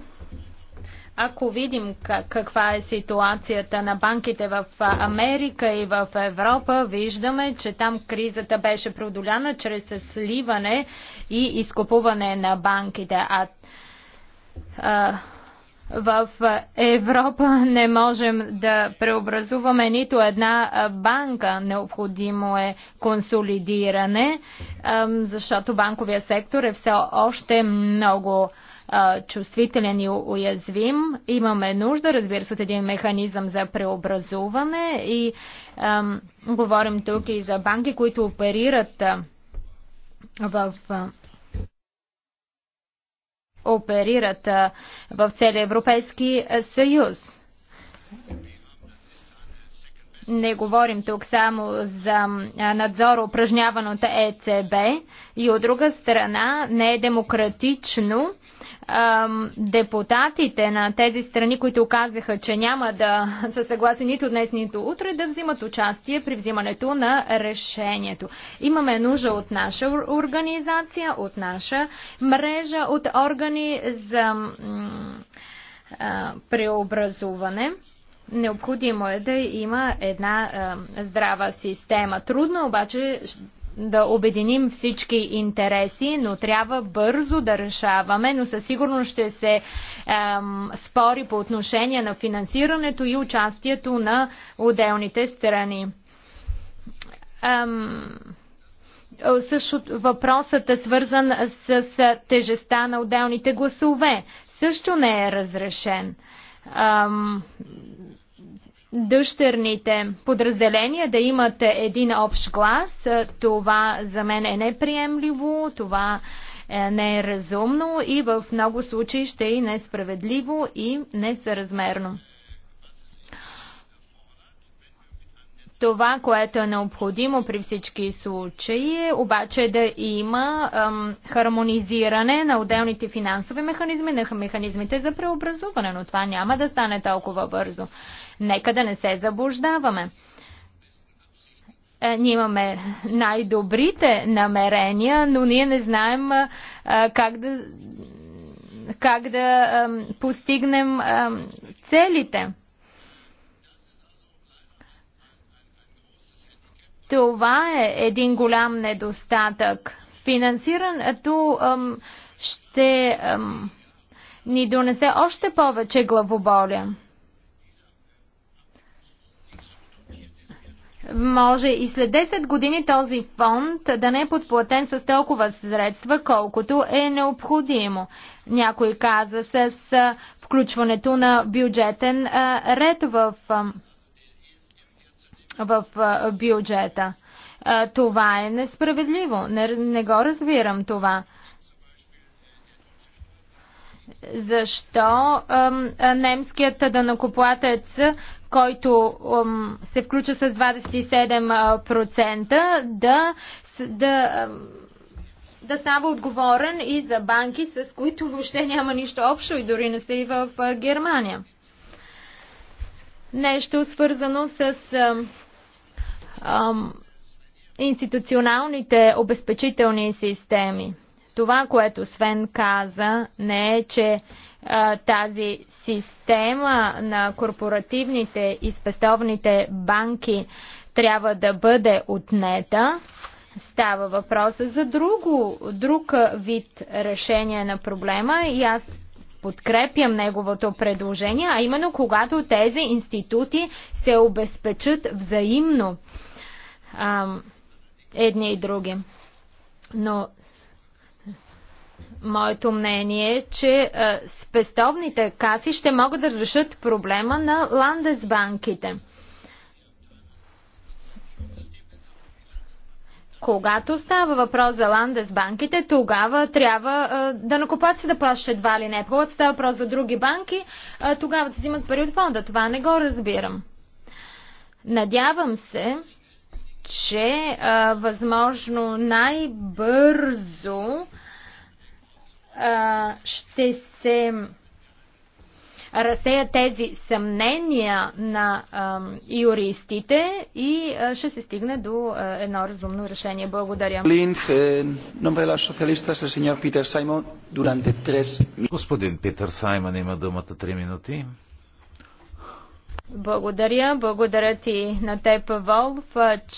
Ако видим каква е ситуацията на банките в Америка и в Европа, виждаме, че там кризата беше продоляна чрез сливане и изкупуване на банките. А, а в Европа не можем да преобразуваме нито една банка. Необходимо е консолидиране, защото банковия сектор е все още много чувствителен и уязвим. Имаме нужда, разбира се, от един механизъм за преобразуване и а, говорим тук и за банки, които оперират а, в. А, оперират а, в целия Европейски съюз. Не говорим тук само за надзор, упражняван от ЕЦБ и от друга страна не е демократично депутатите на тези страни, които казаха, че няма да са съгласи нито днес, нито утре, да взимат участие при взимането на решението. Имаме нужда от наша организация, от наша мрежа, от органи за преобразуване. Необходимо е да има една здрава система. Трудно обаче да обединим всички интереси, но трябва бързо да решаваме, но със сигурност ще се ем, спори по отношение на финансирането и участието на отделните страни. Ем, също въпросът е свързан с, с тежестта на отделните гласове. Също не е разрешен. Ем, дъщерните подразделения да имат един общ глас. Това за мен е неприемливо, това е, не е разумно и в много случаи ще е несправедливо и несъразмерно. Това, което е необходимо при всички случаи, е обаче е да има ам, хармонизиране на отделните финансови механизми, на механизмите за преобразуване, но това няма да стане толкова бързо. Нека да не се заблуждаваме е, ние имаме най-добрите намерения, но ние не знаем как да, как да постигнем целите. Това е един голям недостатък. Финансирането ам, ще ам, ни донесе още повече главоболя. Може и след 10 години този фонд да не е подплатен с толкова средства, колкото е необходимо. Някой каза с включването на бюджетен ред в в бюджета. Това е несправедливо. Не, не го разбирам това. Защо ем, немският данокоплатец, който ем, се включва с 27%, да, да, да става отговорен и за банки, с които въобще няма нищо общо и дори не са и в Германия? Нещо свързано с. Ем, институционалните обезпечителни системи. Това, което Свен каза, не е, че а, тази система на корпоративните и спестовните банки трябва да бъде отнета. Става въпроса за друго, друг вид решение на проблема и аз подкрепям неговото предложение, а именно когато тези институти се обезпечат взаимно а, едни и други. Но моето мнение е, че а, спестовните каси ще могат да решат проблема на ландесбанките. Когато става въпрос за ландесбанките, тогава трябва а, да накупат се да плащат едва ли не. Когато става въпрос за други банки, а, тогава да се взимат пари от фонда. Това не го разбирам. Надявам се, че а, възможно най-бързо ще се разсеят тези съмнения на а, юристите и а, ще се стигне до а, едно разумно решение. Благодаря. Е, Господин Питер Саймон има думата 3 минути. Благодаря, благодаря ти на теб, Волф,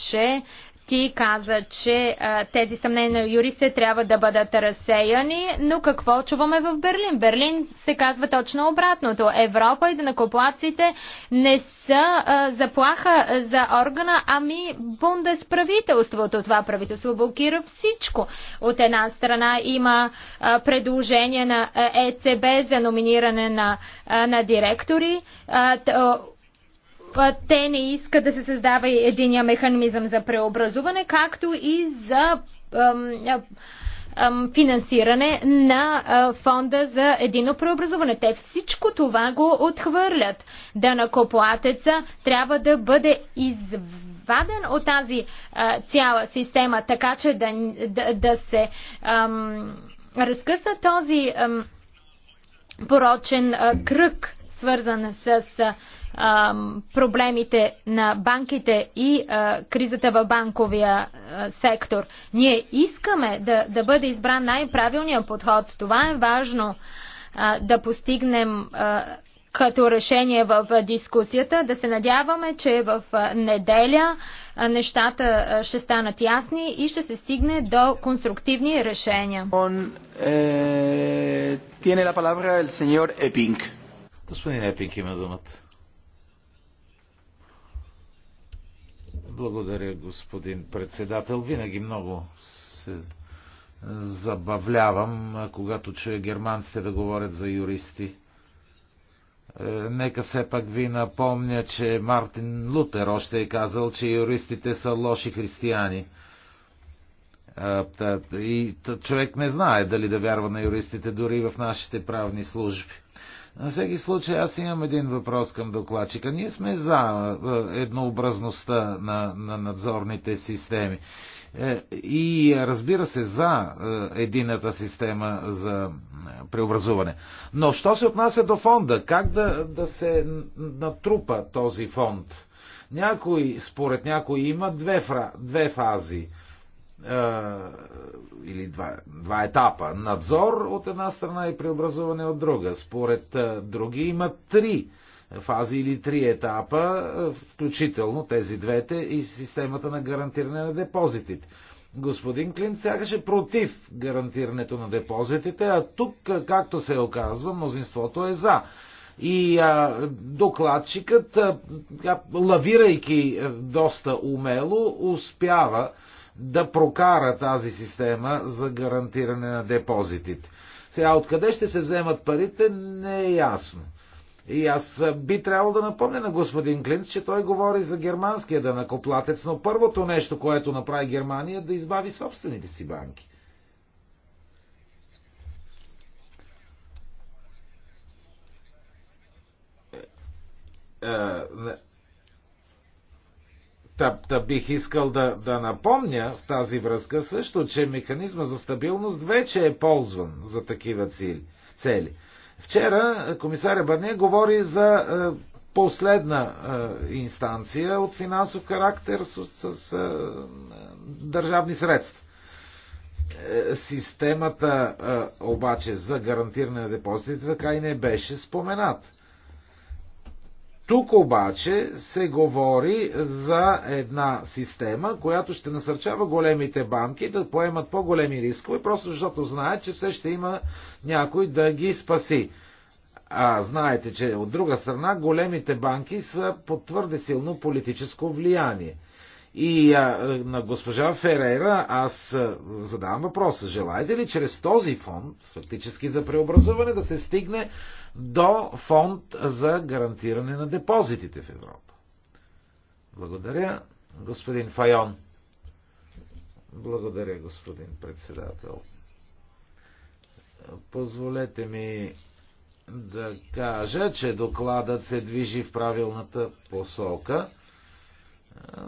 че ти каза, че а, тези съмнения на юристите трябва да бъдат разсеяни, но какво чуваме в Берлин? Берлин се казва точно обратното. Европа и данакоплаците не са а, заплаха за органа, ами бундесправителството. правителството. Това правителство блокира всичко. От една страна има а, предложение на ЕЦБ за номиниране на, а, на директори. А, те не искат да се създава единия механизъм за преобразуване, както и за финансиране на фонда за едино преобразуване. Те всичко това го отхвърлят. Данакоплатеца трябва да бъде изваден от тази цяла система, така че да, да, да се ам, разкъса този ам, порочен а, кръг, свързан с а, проблемите на банките и а, кризата в банковия а, сектор. Ние искаме да, да бъде избран най-правилният подход. Това е важно а, да постигнем като решение в дискусията. Да се надяваме, че в неделя нещата ще станат ясни и ще се стигне до конструктивни решения. Он, е... Tiene ла palabra el Господин Епинг има думата. Благодаря, господин председател. Винаги много се забавлявам, когато чуя германците да говорят за юристи. Е, нека все пак ви напомня, че Мартин Лутер още е казал, че юристите са лоши християни. И човек не знае дали да вярва на юристите дори в нашите правни служби. На всеки случай аз имам един въпрос към докладчика. Ние сме за е, еднообразността на, на надзорните системи. Е, и разбира се, за е, едината система за преобразуване. Но що се отнася до фонда? Как да, да се натрупа този фонд? Някой, според някой, има две, фра, две фази – е, или два, два етапа. Надзор от една страна и преобразуване от друга. Според е, други има три фази или три етапа, е, включително тези двете и системата на гарантиране на депозитите. Господин Клин сякаше против гарантирането на депозитите, а тук, както се оказва, мнозинството е за. И а, докладчикът, а, лавирайки доста умело, успява да прокара тази система за гарантиране на депозитите. Сега, откъде ще се вземат парите, не е ясно. И аз би трябвало да напомня на господин Клинц, че той говори за германския данакоплатец, но първото нещо, което направи Германия, е да избави собствените си банки. Е, е, Та, та бих искал да, да напомня в тази връзка също, че механизма за стабилност вече е ползван за такива цели. Вчера е, комисаря Барне говори за е, последна е, инстанция от финансов характер с, с е, държавни средства. Е, системата е, обаче за гарантиране на депозитите така и не беше спомената тук обаче се говори за една система, която ще насърчава големите банки да поемат по-големи рискове, просто защото знаят, че все ще има някой да ги спаси. А знаете, че от друга страна големите банки са под твърде силно политическо влияние. И а, е, на госпожа Ферера аз е, задавам въпроса. Желаете ли чрез този фонд, фактически за преобразуване, да се стигне до фонд за гарантиране на депозитите в Европа? Благодаря, господин Файон. Благодаря, господин председател. Позволете ми да кажа, че докладът се движи в правилната посока –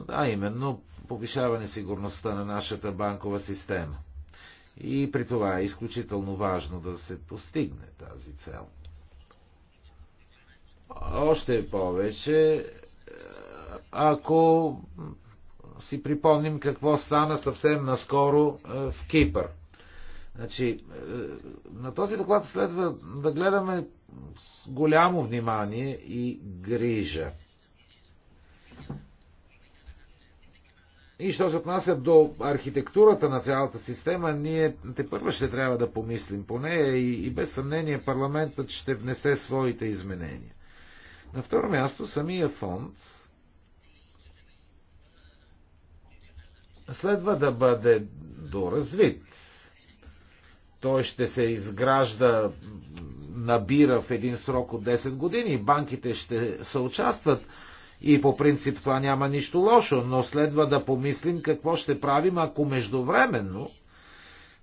а именно повишаване сигурността на нашата банкова система. И при това е изключително важно да се постигне тази цел. Още повече, е, ако си припомним какво стана съвсем наскоро е, в Кипър. Значи, е, на този доклад следва да гледаме с голямо внимание и грижа. И що се отнася до архитектурата на цялата система, ние те първо ще трябва да помислим по нея и, и без съмнение парламентът ще внесе своите изменения. На второ място, самия фонд следва да бъде доразвит. Той ще се изгражда, набира в един срок от 10 години. Банките ще съучастват. участват и по принцип това няма нищо лошо, но следва да помислим какво ще правим, ако междувременно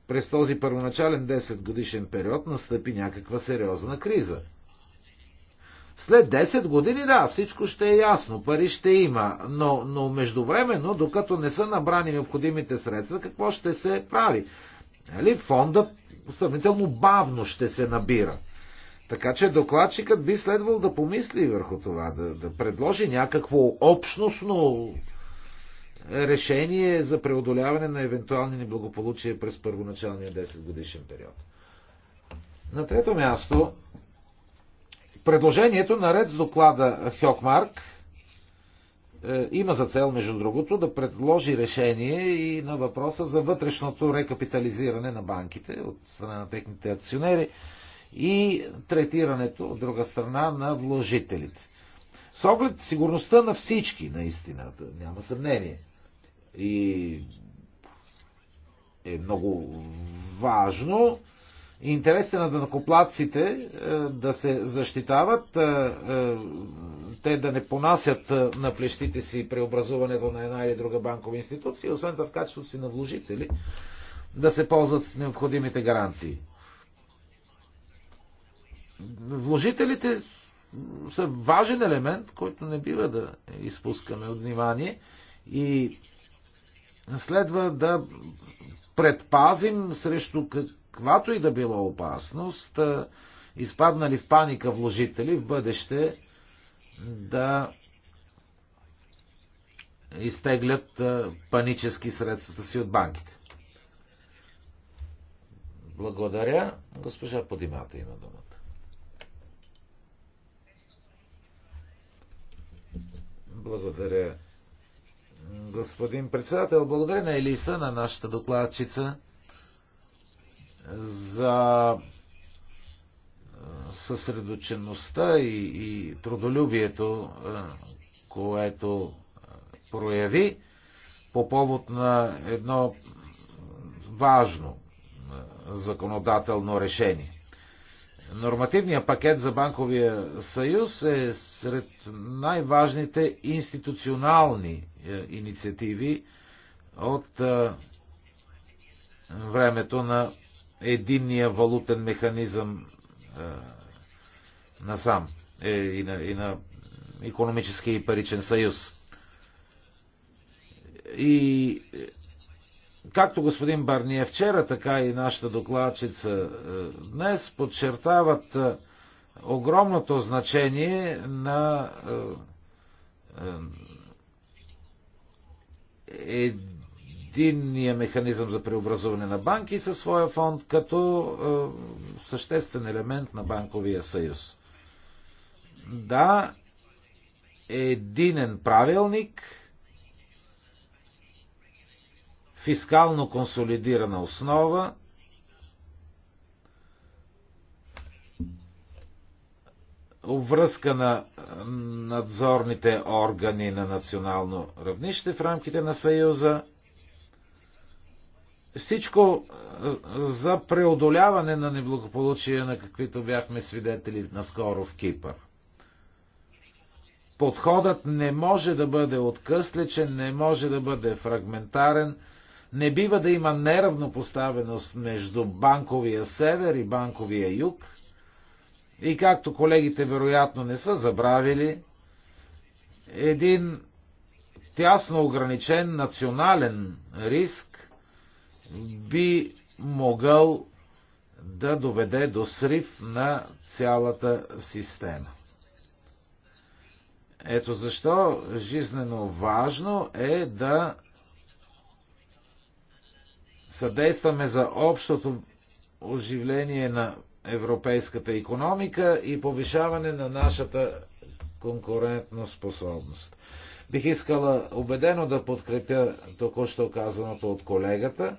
през този първоначален 10 годишен период настъпи някаква сериозна криза. След 10 години, да, всичко ще е ясно, пари ще има, но, но междувременно, докато не са набрани необходимите средства, какво ще се прави? Нали? Фондът сравнително бавно ще се набира. Така че докладчикът би следвал да помисли върху това, да, да предложи някакво общностно решение за преодоляване на евентуални неблагополучия през първоначалния 10 годишен период. На трето място, предложението наред с доклада Хьокмарк е, има за цел, между другото, да предложи решение и на въпроса за вътрешното рекапитализиране на банките от страна на техните акционери и третирането, от друга страна, на вложителите. С оглед сигурността на всички, наистина, няма съмнение. И е много важно интересите на дънакоплаците е, да се защитават, е, е, те да не понасят на плещите си преобразуването на една или друга банкова институция, освен това в качеството си на вложители, да се ползват с необходимите гаранции вложителите са важен елемент, който не бива да изпускаме от внимание и следва да предпазим срещу каквато и да била опасност, изпаднали в паника вложители в бъдеще да изтеглят панически средствата си от банките. Благодаря. Госпожа Подимата има думата. Благодаря. Господин председател, благодаря на Елиса, на нашата докладчица, за съсредочеността и, и трудолюбието, което прояви по повод на едно важно законодателно решение. Нормативният пакет за банковия съюз е сред най-важните институционални е, инициативи от е, времето на единния валутен механизъм е, сам и на, и на економически и паричен съюз. И както господин Барния вчера, така и нашата докладчица е, днес подчертават е, огромното значение на е, единния механизъм за преобразуване на банки със своя фонд като съществен елемент на банковия съюз. Да, единен правилник – фискално консолидирана основа, обвръзка на надзорните органи на национално равнище в рамките на Съюза. Всичко за преодоляване на неблагополучие, на каквито бяхме свидетели наскоро в Кипър. Подходът не може да бъде откъсличен, не може да бъде фрагментарен – не бива да има неравнопоставеност между банковия север и банковия юг. И както колегите вероятно не са забравили, един тясно ограничен национален риск би могъл да доведе до срив на цялата система. Ето защо жизнено важно е да съдействаме за общото оживление на европейската економика и повишаване на нашата конкурентна способност. Бих искала убедено да подкрепя току-що казаното от колегата.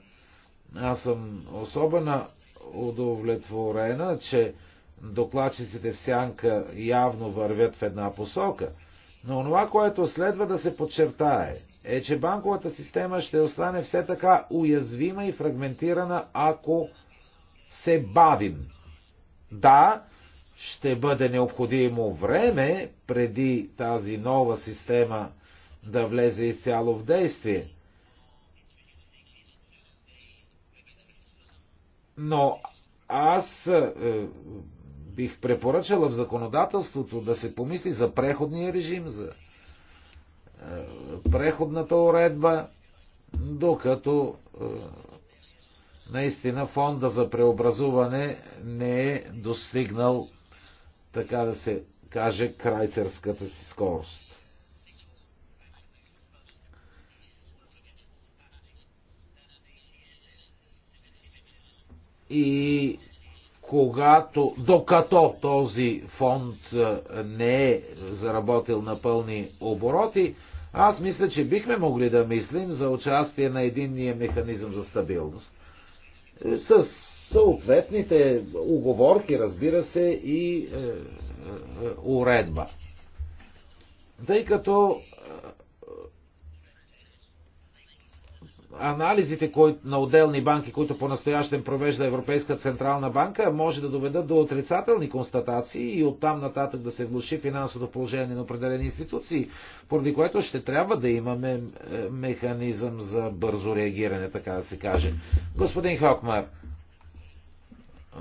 Аз съм особено удовлетворена, че докладчиците в сянка явно вървят в една посока. Но това, което следва да се подчертае – е, че банковата система ще остане все така уязвима и фрагментирана, ако се бавим. Да, ще бъде необходимо време преди тази нова система да влезе изцяло в действие. Но аз е, бих препоръчала в законодателството да се помисли за преходния режим, за е, преходната уредба, докато е, наистина фонда за преобразуване не е достигнал, така да се каже, крайцерската си скорост. И когато, докато този фонд е, не е заработил на пълни обороти, аз мисля, че бихме могли да мислим за участие на единния механизъм за стабилност. Е, с съответните оговорки, разбира се, и е, е, е уредба. Тъй като е, анализите на отделни банки, които по-настоящен провежда Европейска Централна банка, може да доведат до отрицателни констатации и оттам нататък да се влуши финансовото положение на определени институции, поради което ще трябва да имаме е, механизъм за бързо реагиране, така да се каже. Господин Хокмар,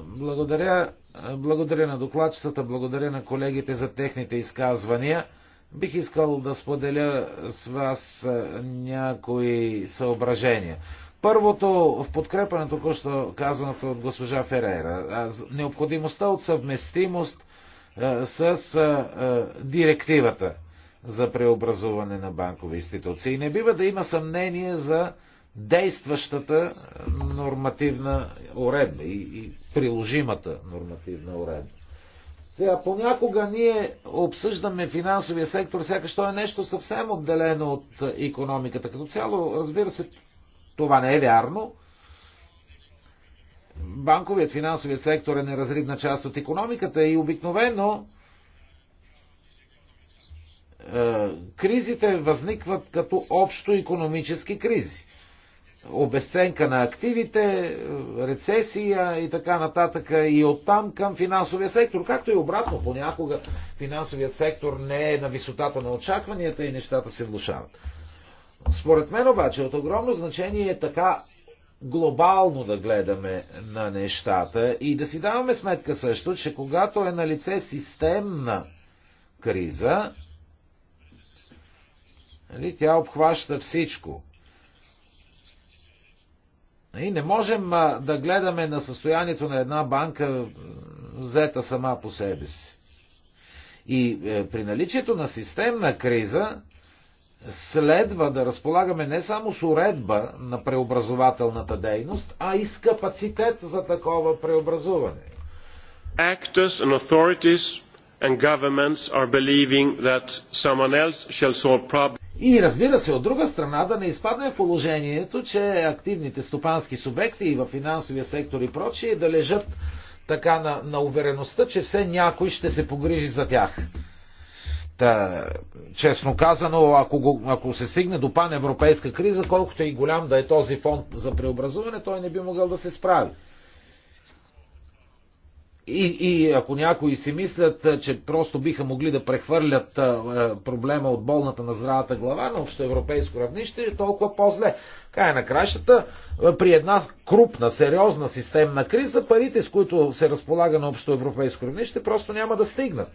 благодаря, е, благодаря на докладчицата, благодаря на колегите за техните изказвания. Бих искал да споделя с вас някои съображения. Първото, в подкрепа на току-що казаното от госпожа Ферейра, необходимостта от съвместимост с директивата за преобразуване на банкови институции. Не бива да има съмнение за действащата нормативна уредба и, и приложимата нормативна уредба. Сега, понякога ние обсъждаме финансовия сектор, сякаш той е нещо съвсем отделено от економиката. Като цяло, разбира се, това не е вярно. Банковият финансовият сектор е неразривна част от економиката и обикновено кризите възникват като общо економически кризи обесценка на активите, рецесия и така нататък, и оттам към финансовия сектор. Както и обратно, понякога финансовият сектор не е на висотата на очакванията и нещата се влушават. Според мен обаче от огромно значение е така глобално да гледаме на нещата и да си даваме сметка също, че когато е на лице системна криза, нали, тя обхваща всичко и не можем да гледаме на състоянието на една банка взета сама по себе си. И е, при наличието на системна криза следва да разполагаме не само с уредба на преобразователната дейност, а и с капацитет за такова преобразуване. Actors and authorities and governments are believing that someone else shall solve problems. И разбира се, от друга страна да не изпадне в положението, че активните стопански субекти и в финансовия сектор и прочие да лежат така на, на увереността, че все някой ще се погрижи за тях. Та, честно казано, ако, го, ако се стигне до паневропейска криза, колкото и голям да е този фонд за преобразуване, той не би могъл да се справи. И, и ако някои си мислят, че просто биха могли да прехвърлят проблема от болната на здравата глава на общоевропейско равнище, е толкова по-зле. Край на кращата, при една крупна, сериозна системна криза, парите, с които се разполага на общоевропейско равнище, просто няма да стигнат.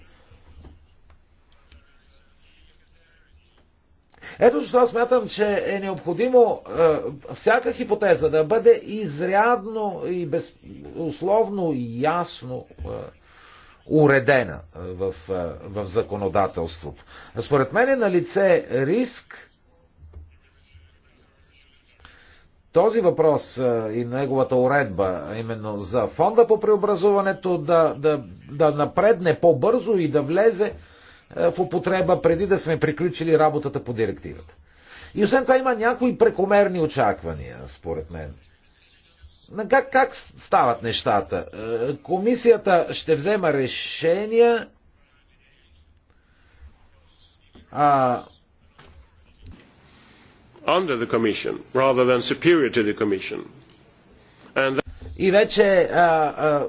Ето защо смятам, че е необходимо е, всяка хипотеза да бъде изрядно и безусловно ясно е, уредена е, в, е, в законодателството. Според мен е на лице риск този въпрос е, и неговата уредба, именно за фонда по преобразуването, да, да, да напредне по-бързо и да влезе е, в употреба, преди да сме приключили работата по директивата. И освен това има някои прекомерни очаквания, според мен. Как, как стават нещата? Е, комисията ще взема решения. А... Under the Commission, rather than superior to the Commission. And that... И вече а, а,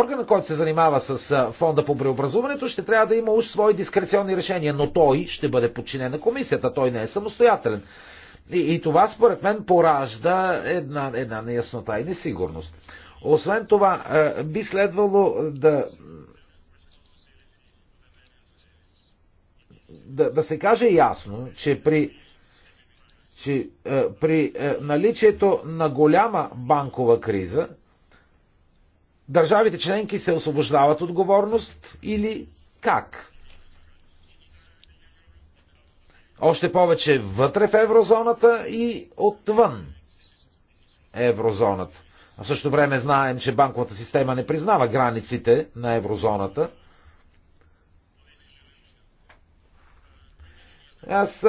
органа, който се занимава с фонда по преобразуването, ще трябва да има уж свои дискреционни решения, но той ще бъде подчинен на комисията, той не е самостоятелен. И, и това според мен поражда една, една неяснота и несигурност. Освен това, би следвало да, да, да се каже ясно, че при, че, при наличието на голяма банкова криза, Държавите членки се освобождават отговорност или как? Още повече вътре в еврозоната и отвън еврозоната. А в същото време знаем, че банковата система не признава границите на еврозоната. Аз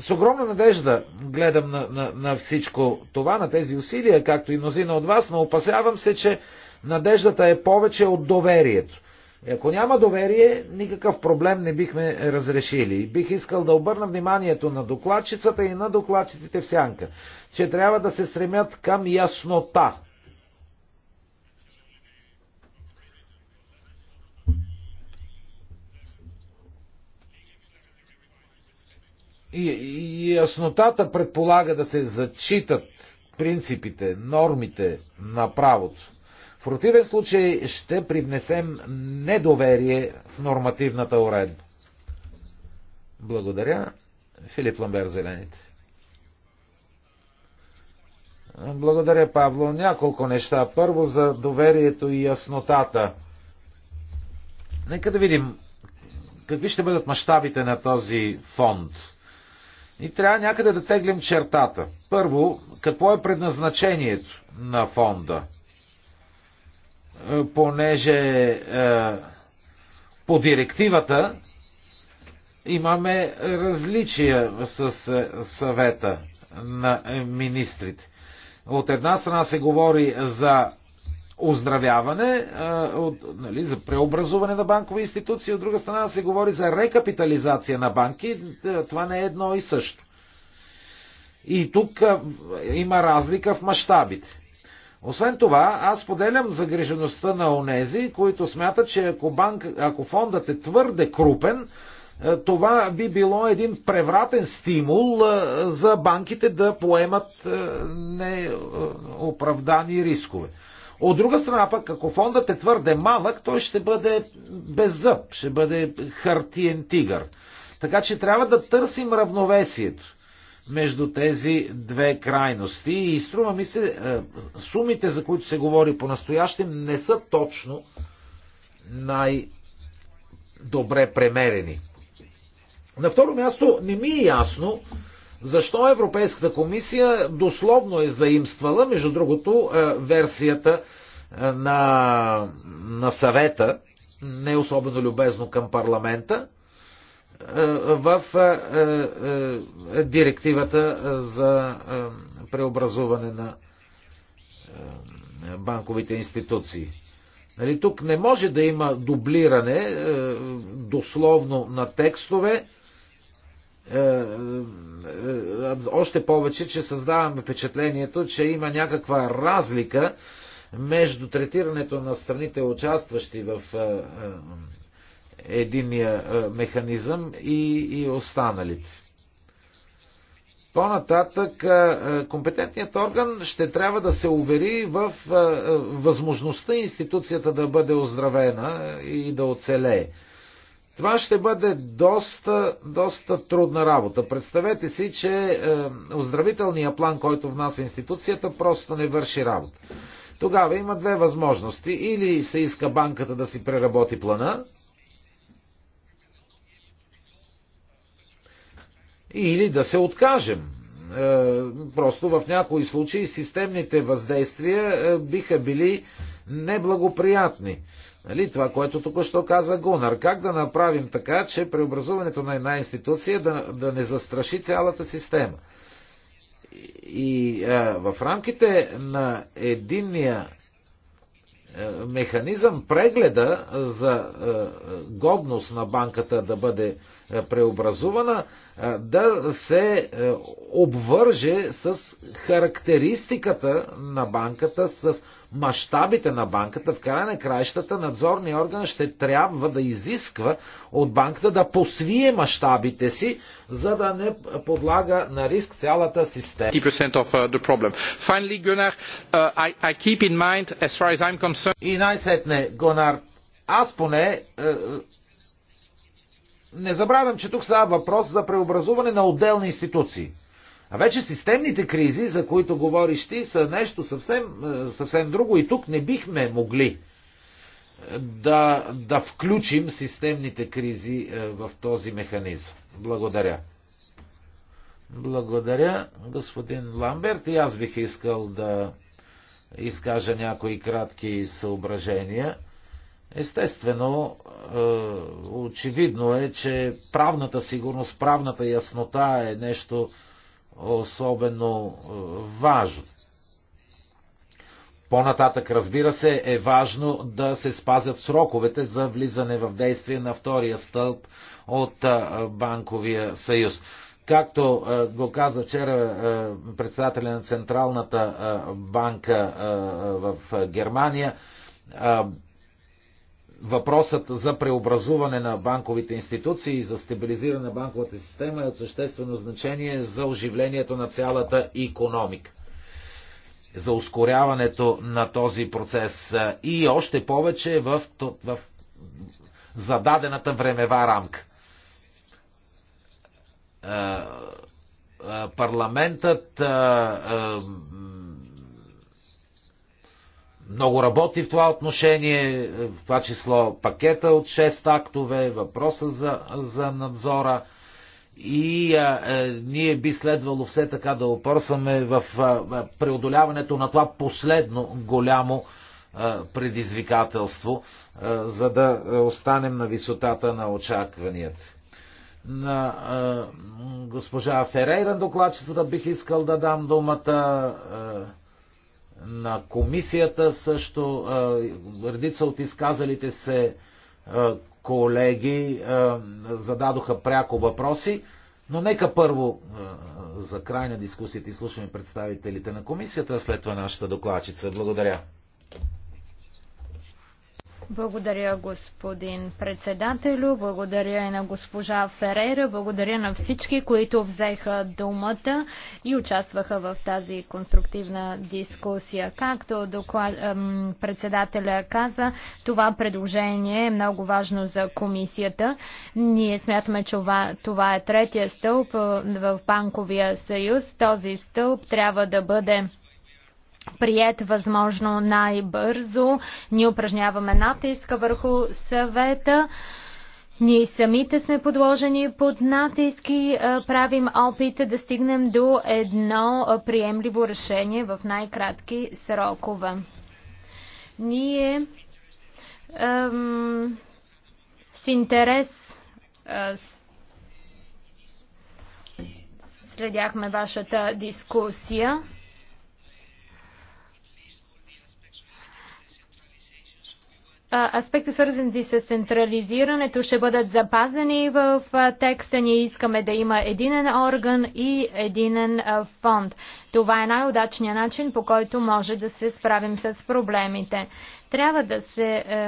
с огромна надежда гледам на, на, на всичко това, на тези усилия, както и мнозина от вас, но опасявам се, че надеждата е повече от доверието. И ако няма доверие, никакъв проблем не бихме разрешили. Бих искал да обърна вниманието на докладчицата и на докладчиците в сянка, че трябва да се стремят към яснота яснотата предполага да се зачитат принципите, нормите на правото. В противен случай ще привнесем недоверие в нормативната уредба. Благодаря. Филип Ламбер, Зелените. Благодаря, Павло. Няколко неща. Първо за доверието и яснотата. Нека да видим какви ще бъдат мащабите на този фонд – и трябва някъде да теглим чертата. Първо, какво е предназначението на фонда? Е, понеже е, по директивата имаме различия с е, съвета на е, министрите. От една страна се говори за оздравяване, е, от, нали, за преобразуване на банкови институции, от друга страна се говори за рекапитализация на банки, е, това не е едно и също. И тук е, има разлика в мащабите. Освен това, аз поделям загрижеността на онези, които смятат, че ако, банк, ако фондът е твърде крупен, това би било един превратен стимул за банките да поемат неоправдани рискове. От друга страна пък, ако фондът е твърде малък, той ще бъде беззъб, ще бъде хартиен тигър. Така че трябва да търсим равновесието между тези две крайности. И струва ми се, е, сумите, за които се говори по-настоящем, не са точно най-добре премерени. На второ място, не ми е ясно защо Европейската комисия дословно е заимствала, между другото, е, версията е, на, на съвета, не особено любезно към парламента, е, в директивата за преобразуване на банковите институции. Нали, тук не може да има дублиране дословно на текстове, е, е, е, още повече, че създаваме впечатлението, че има някаква разлика между третирането на страните, участващи в единия механизъм и, и останалите. По-нататък компетентният орган ще трябва да се увери в възможността институцията да бъде оздравена и да оцелее. Това ще бъде доста, доста трудна работа. Представете си, че е, оздравителният план, който внася институцията, просто не върши работа. Тогава има две възможности. Или се иска банката да си преработи плана, или да се откажем. Е, просто в някои случаи системните въздействия е, биха били неблагоприятни. Нали, това, което тук що каза Гунар. Как да направим така, че преобразуването на една институция да, да не застраши цялата система? И а, в рамките на единния механизъм прегледа за годност на банката да бъде преобразувана, да се обвърже с характеристиката на банката, с мащабите на банката, в края на краищата надзорния орган ще трябва да изисква от банката да посвие мащабите си, за да не подлага на риск цялата система. Uh, Finally, Gunnar, uh, I, I keep in mind, as far as I'm concerned... И най-сетне, Гонар, аз поне е, не забравям, че тук става въпрос за преобразуване на отделни институции. А вече системните кризи, за които говориш ти, са нещо съвсем, е, съвсем друго и тук не бихме могли е, да, да включим системните кризи е, в този механизъм. Благодаря. Благодаря, господин Ламберт. И аз бих искал да изкажа някои кратки съображения. Естествено, очевидно е, че правната сигурност, правната яснота е нещо особено е, важно. По-нататък, разбира се, е важно да се спазят сроковете за влизане в действие на втория стълб от е, Банковия съюз. Както е, го каза вчера председателя на Централната банка в Германия, въпросът за преобразуване на банковите институции и за стабилизиране на банковата система е от съществено значение за оживлението на цялата економика за ускоряването на този процес и още повече в, в зададената времева рамка. Е, е, парламентът, е, много работи в това отношение, в това число пакета от 6 актове, въпроса за, за надзора. И а, е, ние би следвало все така да опърсаме в а, преодоляването на това последно голямо а, предизвикателство, а, за да останем на висотата на очакванията. На а, госпожа Ферейрен докладчицата бих искал да дам думата. А, на комисията също редица от изказалите се колеги зададоха пряко въпроси, но нека първо за край на дискусията изслушаме представителите на комисията, а след това нашата докладчица. Благодаря. Благодаря, господин председателю. Благодаря и на госпожа Ферера. Благодаря на всички, които взеха думата и участваха в тази конструктивна дискусия. Както доклад, председателя каза, това предложение е много важно за комисията. Ние смятаме, че това е третия стълб в Банковия съюз. Този стълб трябва да бъде прият възможно най-бързо. Ние упражняваме натиска върху съвета. Ние самите сме подложени под натиск и правим опит да стигнем до едно приемливо решение в най-кратки срокове. Ние ем, с интерес е, следяхме вашата дискусия. аспекти, свързани с централизирането, ще бъдат запазени в текста. Ние искаме да има единен орган и единен фонд. Това е най-удачният начин, по който може да се справим с проблемите. Трябва да се е,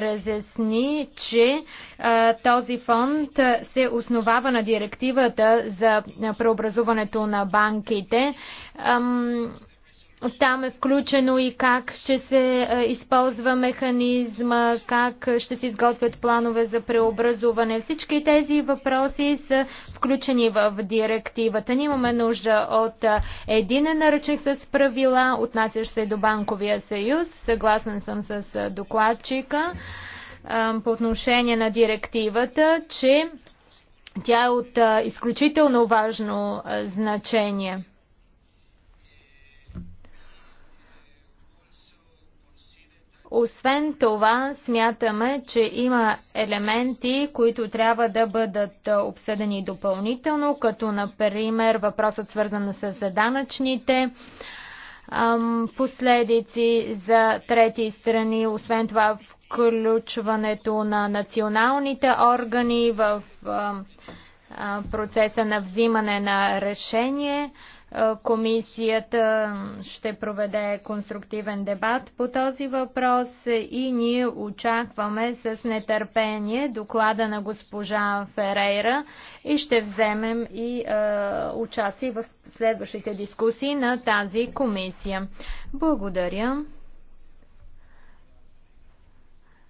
разясни, че е, този фонд се основава на директивата за преобразуването на банките. Е, там е включено и как ще се е, използва механизма, как ще се изготвят планове за преобразуване. Всички тези въпроси са включени в директивата. Ние имаме нужда от е, един наръчник с правила, отнасящ се до Банковия съюз. Съгласен съм с е, докладчика по отношение на директивата, че тя е от изключително важно значение. Освен това, смятаме, че има елементи, които трябва да бъдат обсъдени допълнително, като например въпросът свързан с заданъчните последици за трети страни. Освен това, включването на националните органи в процеса на взимане на решение. Комисията ще проведе конструктивен дебат по този въпрос и ние очакваме с нетърпение доклада на госпожа Ферейра и ще вземем и е, участие в следващите дискусии на тази комисия. Благодаря.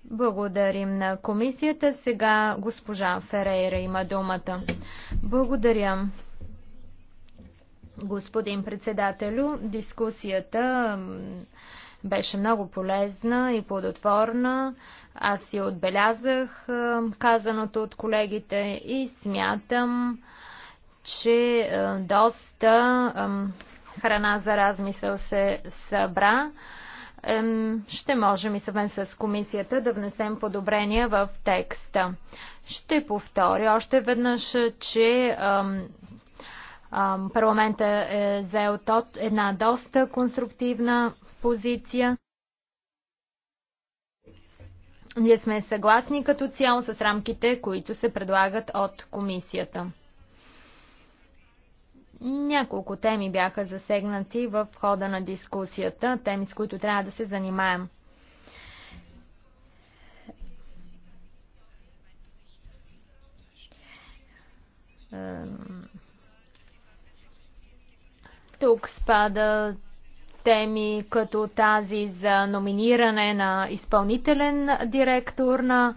Благодарим на комисията. Сега госпожа Ферейра има думата. Благодаря господин председателю. Дискусията беше много полезна и плодотворна. Аз си отбелязах казаното от колегите и смятам, че е, доста храна за размисъл се събра. Ще можем и съвен с комисията да внесем подобрения в текста. Ще повторя още веднъж, че Парламента е взел една доста конструктивна позиция. Ние сме съгласни като цяло с рамките, които се предлагат от комисията. Няколко теми бяха засегнати в хода на дискусията, теми с които трябва да се занимаем. Um тук спада теми като тази за номиниране на изпълнителен директор на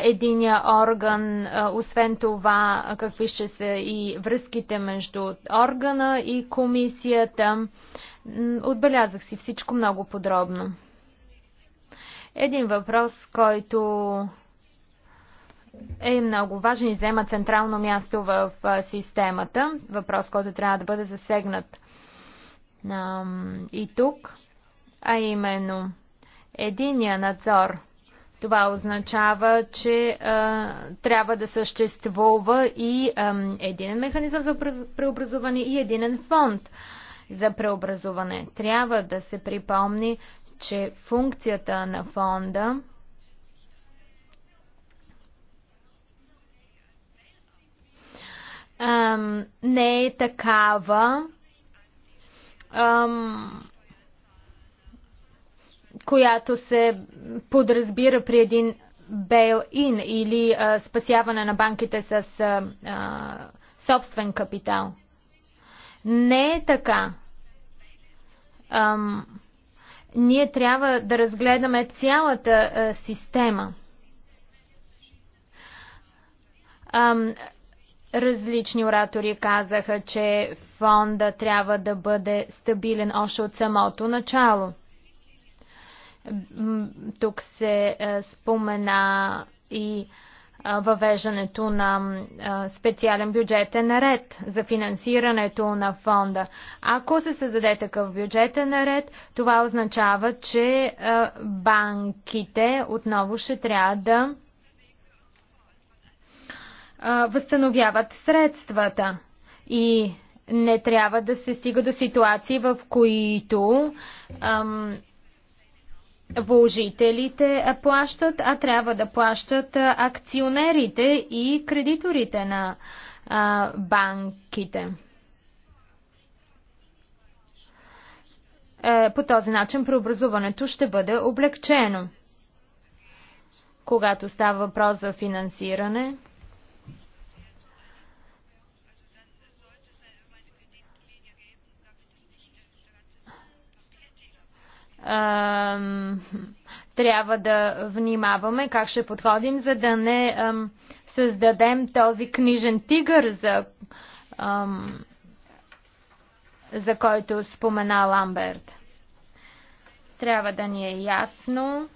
единия орган. Освен това, какви ще са и връзките между органа и комисията. Отбелязах си всичко много подробно. Един въпрос, който е много важен и взема централно място в системата. Въпрос, който трябва да бъде засегнат и тук, а именно единия надзор. Това означава, че а, трябва да съществува и а, един механизъм за преобразуване и един фонд за преобразуване. Трябва да се припомни, че функцията на фонда ам, не е такава, ам, която се подразбира при един бейл-ин или а, спасяване на банките с а, а, собствен капитал. Не е така. Ам, ние трябва да разгледаме цялата а, система. Ам, Различни оратори казаха, че фонда трябва да бъде стабилен още от самото начало. Тук се е, спомена и е, въвеждането на е, специален бюджетен ред за финансирането на фонда. Ако се създаде такъв бюджетен ред, това означава, че банките отново ще трябва да а, възстановяват средствата. И не трябва да се стига до ситуации, в които ам, вложителите плащат, а трябва да плащат акционерите и кредиторите на а, банките. Е, по този начин преобразуването ще бъде облегчено. Когато става въпрос за финансиране, трябва да внимаваме как ще подходим, за да не създадем този книжен тигър, за, за който спомена Ламберт. Трябва да ни е ясно.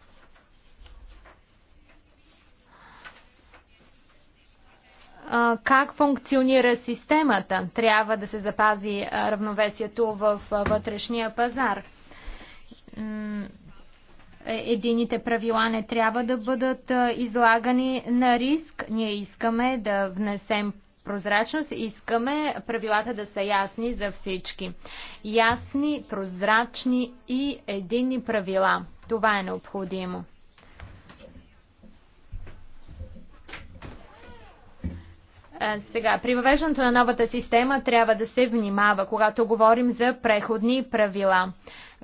как функционира системата. Трябва да се запази равновесието в вътрешния пазар. Е, едините правила не трябва да бъдат излагани на риск. Ние искаме да внесем прозрачност, искаме правилата да са ясни за всички. Ясни, прозрачни и единни правила. Това е необходимо. Сега, при въвеждането на новата система трябва да се внимава, когато говорим за преходни правила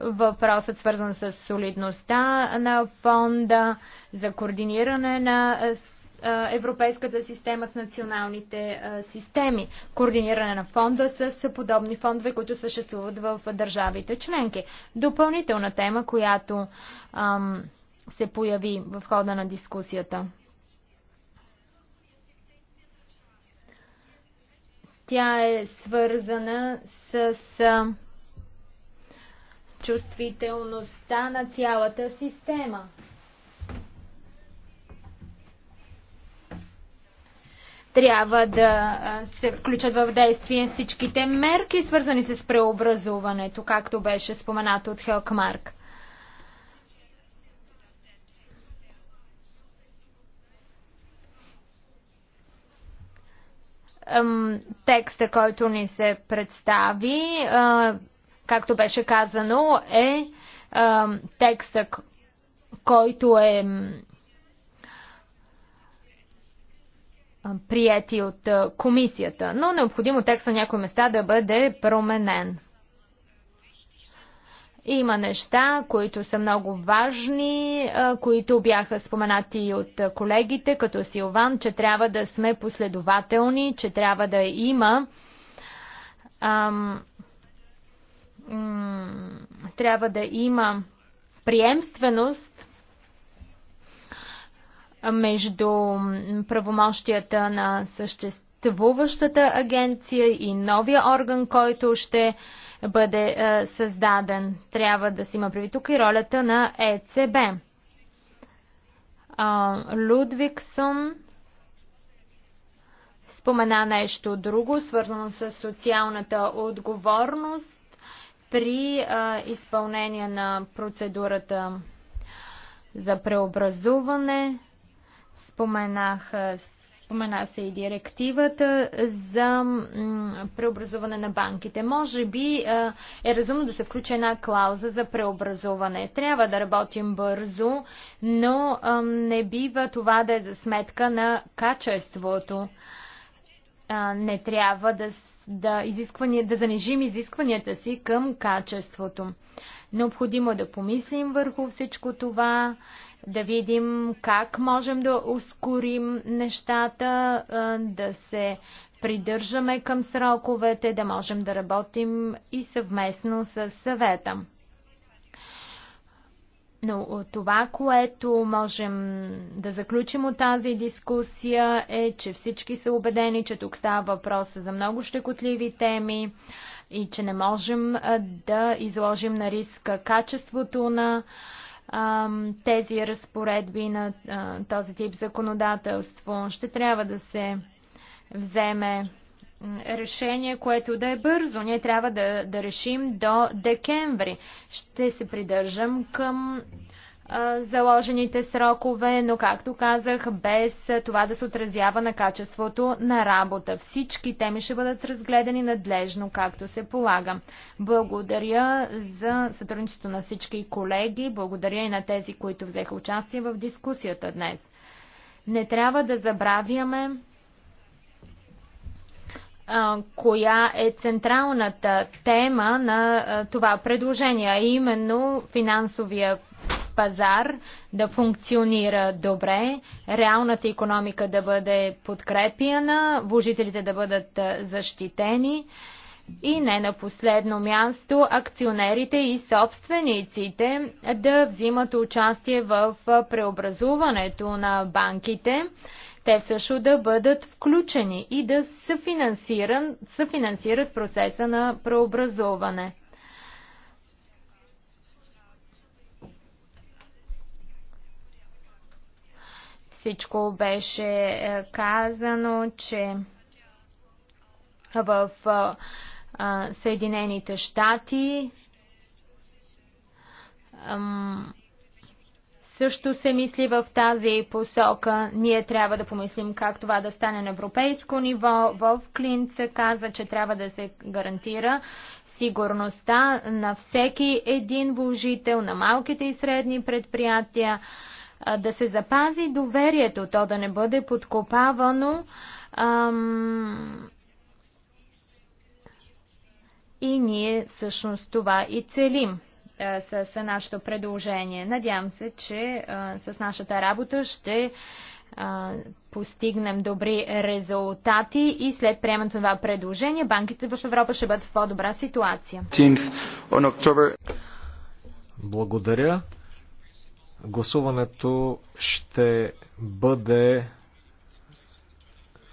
въпросът свързан с солидността на фонда, за координиране на европейската система с националните системи, координиране на фонда с подобни фондове, които съществуват в държавите членки. Допълнителна тема, която ам, се появи в хода на дискусията. Тя е свързана с. Ам, чувствителността на цялата система. Трябва да се включат в действие всичките мерки, свързани с преобразуването, както беше споменато от Хелкмарк. текста, който ни се представи, както беше казано, е а, текста, който е прияти от комисията, но необходимо текст на някои места да бъде променен. Има неща, които са много важни, които бяха споменати от колегите, като Силван, че трябва да сме последователни, че трябва да има ам, трябва да има приемственост между правомощията на съществуващата агенция и новия орган, който ще бъде е, създаден. Трябва да си има прави тук и ролята на ЕЦБ. Лудвиксон спомена нещо друго, свързано с социалната отговорност при а, изпълнение на процедурата за преобразуване. Споменах, спомена се и директивата за преобразуване на банките. Може би а, е разумно да се включи една клауза за преобразуване. Трябва да работим бързо, но а, не бива това да е за сметка на качеството. А, не трябва да се да, изисквания, да занижим изискванията си към качеството. Необходимо е да помислим върху всичко това, да видим как можем да ускорим нещата, да се придържаме към сроковете, да можем да работим и съвместно с съвета. Но това, което можем да заключим от тази дискусия е, че всички са убедени, че тук става въпрос за много щекотливи теми и че не можем да изложим на риск качеството на тези разпоредби на този тип законодателство. Ще трябва да се вземе решение, което да е бързо. Ние трябва да, да решим до декември. Ще се придържам към а, заложените срокове, но както казах, без това да се отразява на качеството на работа. Всички теми ще бъдат разгледани надлежно, както се полага. Благодаря за сътрудничеството на всички колеги, благодаря и на тези, които взеха участие в дискусията днес. Не трябва да забравяме коя е централната тема на това предложение, а именно финансовия пазар да функционира добре, реалната економика да бъде подкрепяна, вложителите да бъдат защитени и не на последно място акционерите и собствениците да взимат участие в преобразуването на банките те също да бъдат включени и да съфинансират процеса на преобразуване. Всичко беше е, казано, че в е, е, Съединените щати също се мисли в тази посока. Ние трябва да помислим как това да стане на европейско ниво. В Клинт се каза, че трябва да се гарантира сигурността на всеки един вложител, на малките и средни предприятия, да се запази доверието, то да не бъде подкопавано. Ам... И ние всъщност това и целим. Е, с нашето предложение. Надявам се, че е, с нашата работа ще е, постигнем добри резултати и след приемането на това предложение банките в Европа ще бъдат в по-добра ситуация. Благодаря. Гласуването ще бъде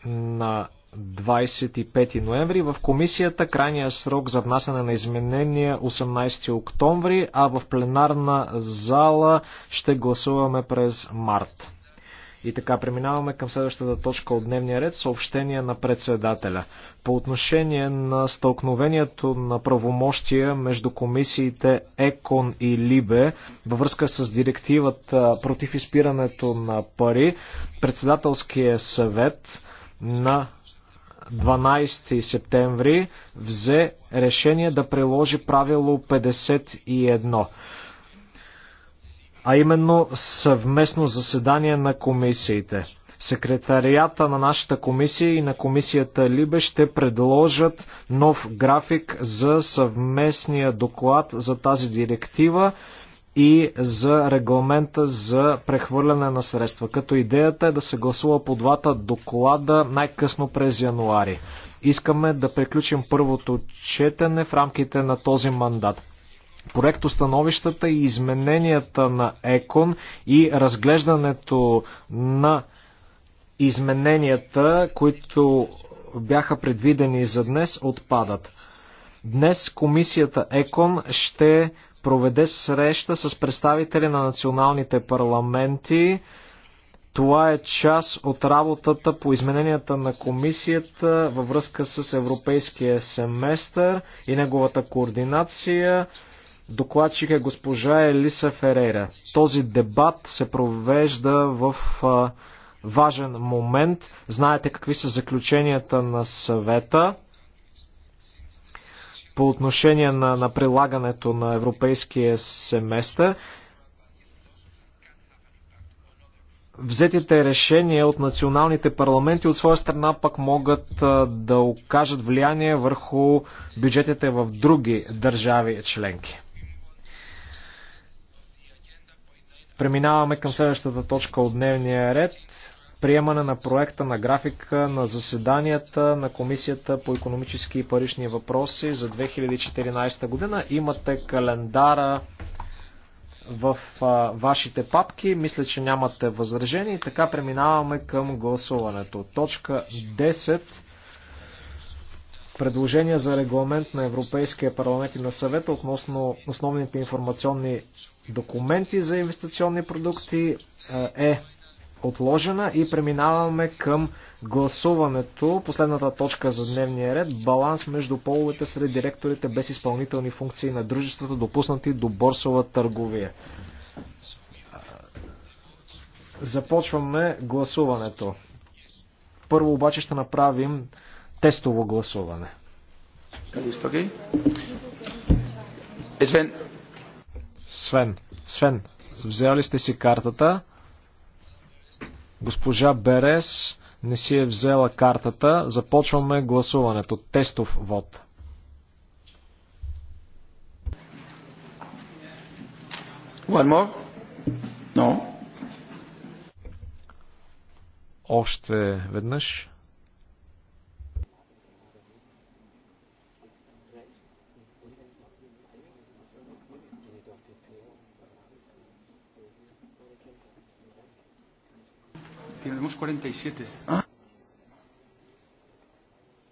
на 25 ноември. В комисията крайният срок за внасяне на изменения 18 октомври, а в пленарна зала ще гласуваме през март. И така, преминаваме към следващата точка от дневния ред съобщение на председателя. По отношение на стълкновението на правомощия между комисиите ЕКОН и ЛИБЕ във връзка с директивата против изпирането на пари, председателския съвет на 12 септември взе решение да приложи правило 51 а именно съвместно заседание на комисиите. Секретарията на нашата комисия и на комисията Либе ще предложат нов график за съвместния доклад за тази директива и за регламента за прехвърляне на средства, като идеята е да се гласува по двата доклада най-късно през януари. Искаме да приключим първото четене в рамките на този мандат. Проектостановищата и измененията на ЕКОН и разглеждането на измененията, които бяха предвидени за днес, отпадат. Днес комисията ЕКОН ще проведе среща с представители на националните парламенти. Това е част от работата по измененията на комисията във връзка с европейския семестър и неговата координация. Докладчик е госпожа Елиса Ферейра. Този дебат се провежда в важен момент. Знаете какви са заключенията на съвета по отношение на, на прилагането на европейския семестър. Взетите решения от националните парламенти от своя страна пък могат да окажат влияние върху бюджетите в други държави членки. Преминаваме към следващата точка от дневния ред приемане на проекта, на графика, на заседанията на Комисията по економически и парични въпроси за 2014 година. Имате календара в а, вашите папки. Мисля, че нямате възражени. така преминаваме към гласуването. Точка 10. Предложение за регламент на Европейския парламент и на съвета относно основните информационни документи за инвестиционни продукти е отложена и преминаваме към гласуването. Последната точка за дневния ред – баланс между половете сред директорите без изпълнителни функции на дружествата, допуснати до борсова търговия. Започваме гласуването. Първо обаче ще направим тестово гласуване. Е, Свен. Свен. Свен. Взели сте си картата. Госпожа Берес не си е взела картата. Започваме гласуването. Тестов вод. One more? No. Още веднъж. 247. Ah.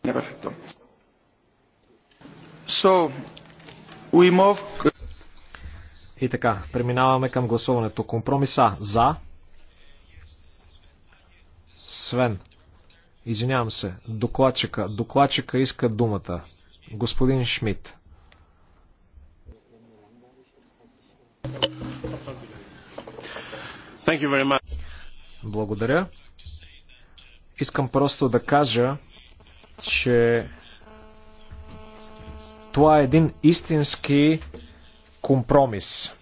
perfecto. So, we move... И така, преминаваме към гласуването. Компромиса за. Свен. Извинявам се. Докладчика. Докладчика иска думата. Господин Шмидт. Благодаря. Искам просто да кажа, че това е един истински компромис.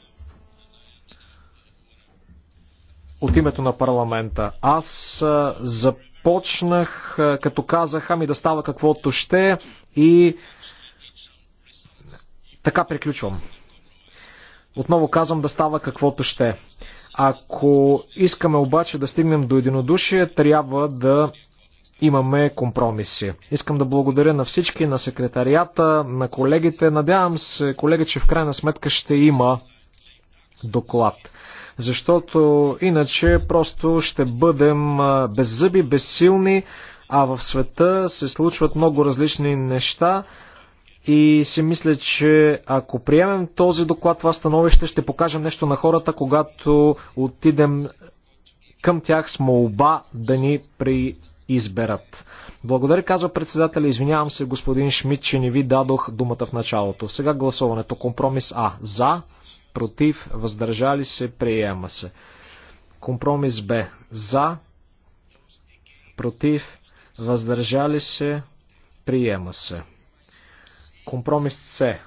От името на парламента. Аз започнах, като казах, ами да става каквото ще и така приключвам. Отново казвам да става каквото ще. Ако искаме обаче да стигнем до единодушие, трябва да имаме компромиси. Искам да благодаря на всички, на секретарията, на колегите. Надявам се, колега, че в крайна сметка ще има доклад. Защото иначе просто ще бъдем беззъби, безсилни, а в света се случват много различни неща и си мисля, че ако приемем този доклад, това становище, ще покажем нещо на хората, когато отидем към тях с молба да ни преизберат. Благодаря, казва председателя. Извинявам се, господин Шмидт, че не ви дадох думата в началото. Сега гласуването. Компромис А. За, против, въздържали се, приема се. Компромис Б. За, против, въздържали се, приема се. Компромис С.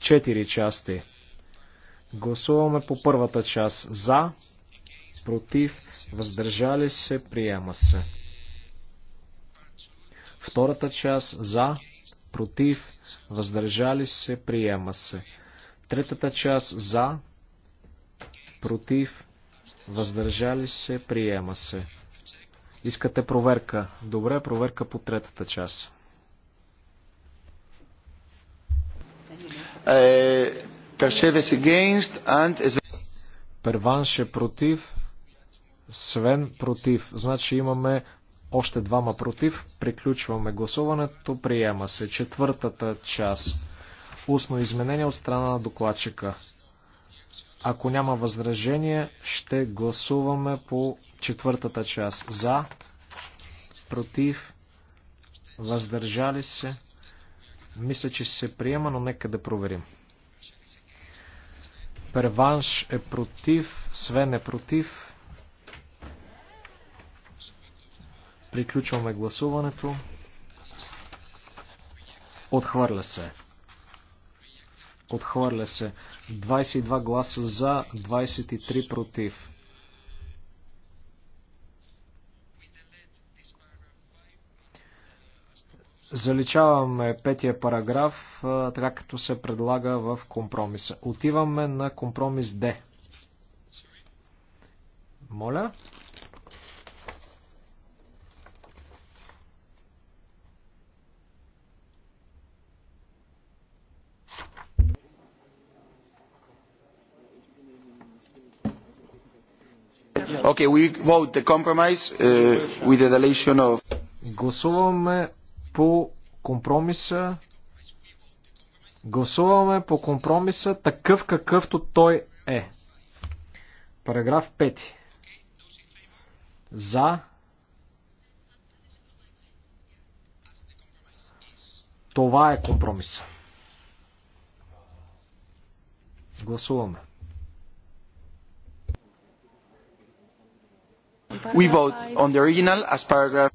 Четири части. Гласуваме по първата част. За, против, въздържали се, приема се. Втората част. За, против, въздържали се, приема се. Третата част. За, против, въздържали се, приема се. Искате проверка. Добре, проверка по третата част. Eh, Перванш е против. Свен против. Значи имаме още двама против. Приключваме гласуването. Приема се четвъртата част. Устно изменение от страна на докладчика. Ако няма възражение, ще гласуваме по четвъртата част. За, против, въздържали се, мисля, че се приема, но нека да проверим. Перванш е против, Свен е против. Приключваме гласуването. Отхвърля се. Отхвърля се. 22 гласа за, 23 против. Заличаваме петия параграф, така като се предлага в компромиса. Отиваме на компромис Д. Моля. Okay, we vote the compromise uh, with the deletion of... Гласуваме по компромиса. Гласуваме по компромиса такъв какъвто той е. Параграф 5. За. Това е компромиса. Гласуваме. We vote on the original as paragraph.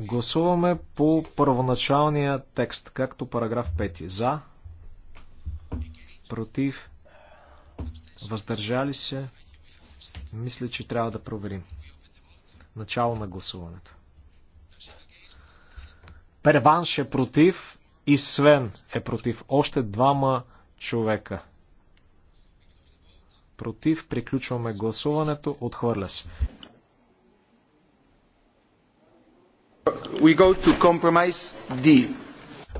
Гласуваме по първоначалния текст, както параграф 5. За, против, въздържали се. Мисля, че трябва да проверим. Начало на гласуването. Перванш е против и Свен е против. Още двама човека. Против, приключваме гласуването, отхвърля се. We go to compromise D.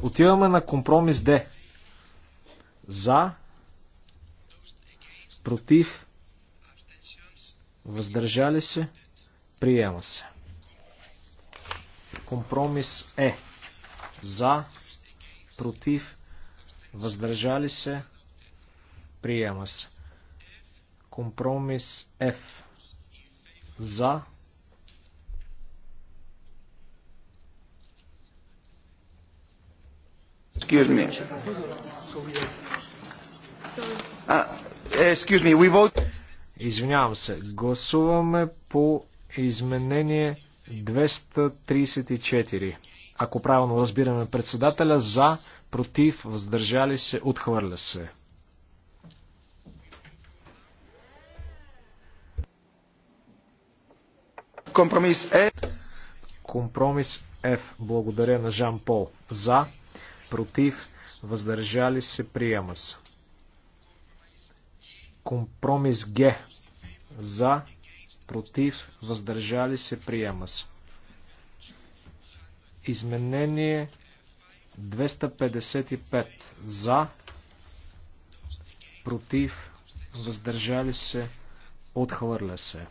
Отиваме на компромис Д. За, против, въздържали се, приема се. Компромис Е. За, против, въздържали се, приема се. Компромис Ф. За, против, Excuse me. Uh, excuse me, we vote... Извинявам се. Гласуваме по изменение 234. Ако правилно разбираме председателя, за, против, въздържали се, отхвърля се. Компромис F. Е. Компромис Ф. Благодаря на Жан Пол. За, против, въздържали се, приема се. Компромис Г. За, против, въздържали се, приема се. Изменение 255. За, против, въздържали се, отхвърля се.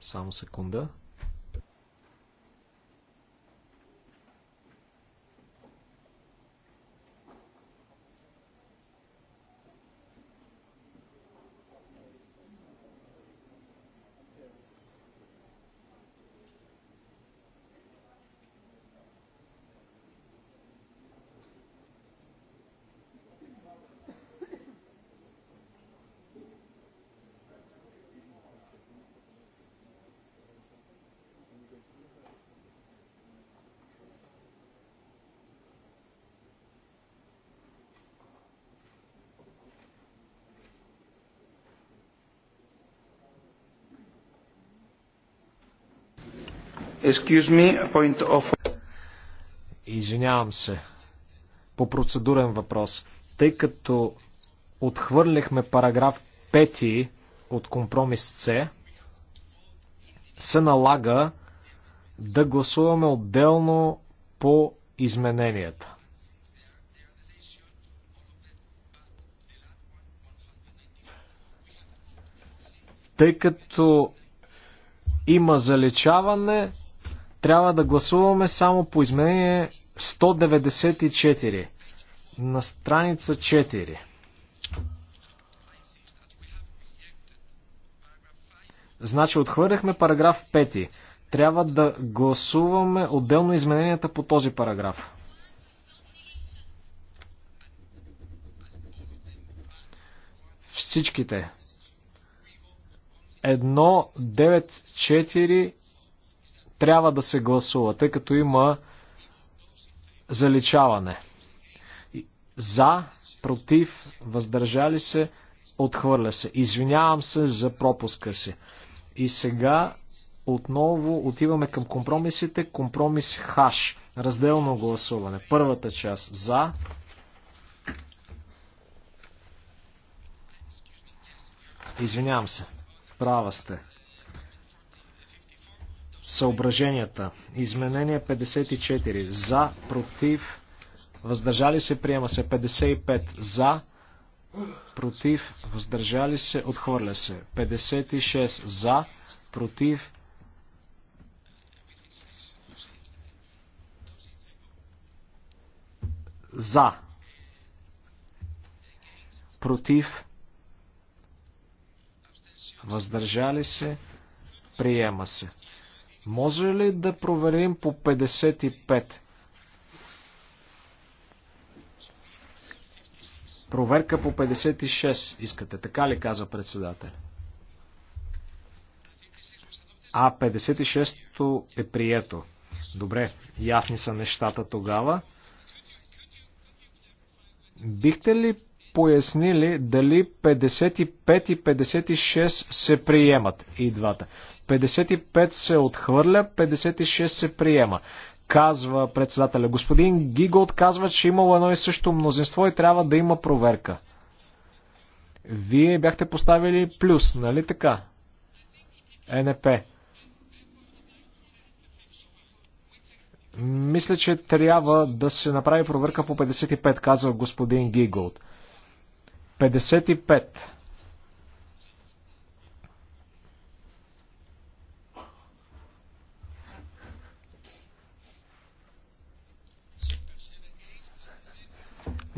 Само секунда. Excuse me, point of... Извинявам се. По процедурен въпрос. Тъй като отхвърлихме параграф 5 от компромис С, се налага да гласуваме отделно по измененията. Тъй като има залечаване, трябва да гласуваме само по изменение 194 на страница 4. Значи отхвърляхме параграф 5. Трябва да гласуваме отделно измененията по този параграф. Всичките. 1, 9, 4 трябва да се гласува, тъй като има заличаване. За, против, въздържали се, отхвърля се. Извинявам се за пропуска си. И сега отново отиваме към компромисите. Компромис хаш. Разделно гласуване. Първата част за. Извинявам се. Права сте съображенията. Изменение 54. За, против, въздържали се, приема се. 55. За, против, въздържали се, отхвърля се. 56. За, против, за, против, въздържали се, приема се. Може ли да проверим по 55? Проверка по 56 искате, така ли каза председател? А, 56-то е прието. Добре, ясни са нещата тогава. Бихте ли пояснили дали 55 и 56 се приемат и двата? 55 се отхвърля, 56 се приема. Казва председателя. Господин Гиго казва, че имало едно и също мнозинство и трябва да има проверка. Вие бяхте поставили плюс, нали така? НП. Мисля, че трябва да се направи проверка по 55, казва господин Гиголд. 55.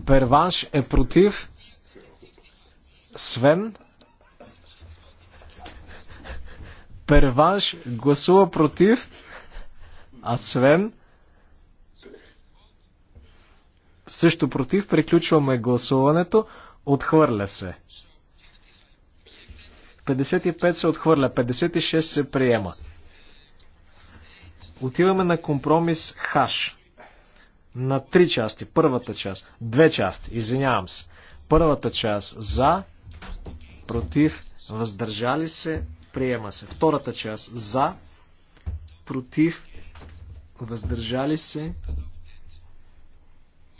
Перванш е против. Свен. Перванш гласува против. А Свен също против. Приключваме гласуването. Отхвърля се. 55 се отхвърля, 56 се приема. Отиваме на компромис Хаш на три части. Първата част, две части, извинявам се. Първата част за, против, въздържали се, приема се. Втората част за, против, въздържали се,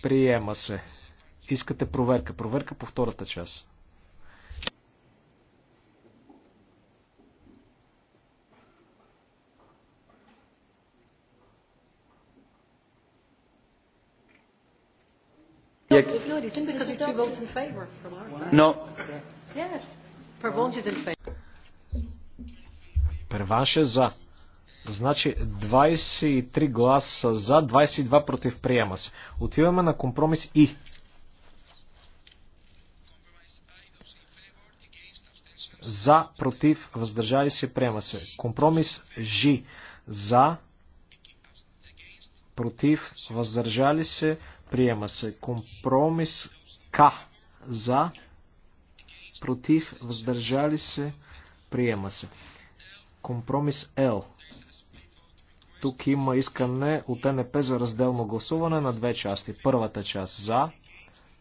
приема се. Искате проверка. Проверка по втората част. abstention because we two votes in favor from our side. No. Yes. Per vote is in favor. Преванш е за. Значи 23 гласа за, 22 против приема се. Отиваме на компромис И. За, против, въздържали се, приема се. Компромис Ж. За, против, въздържали се, Приема се. Компромис К. За. Против. Въздържали се. Приема се. Компромис Л. Тук има искане от НП за разделно гласуване на две части. Първата част за,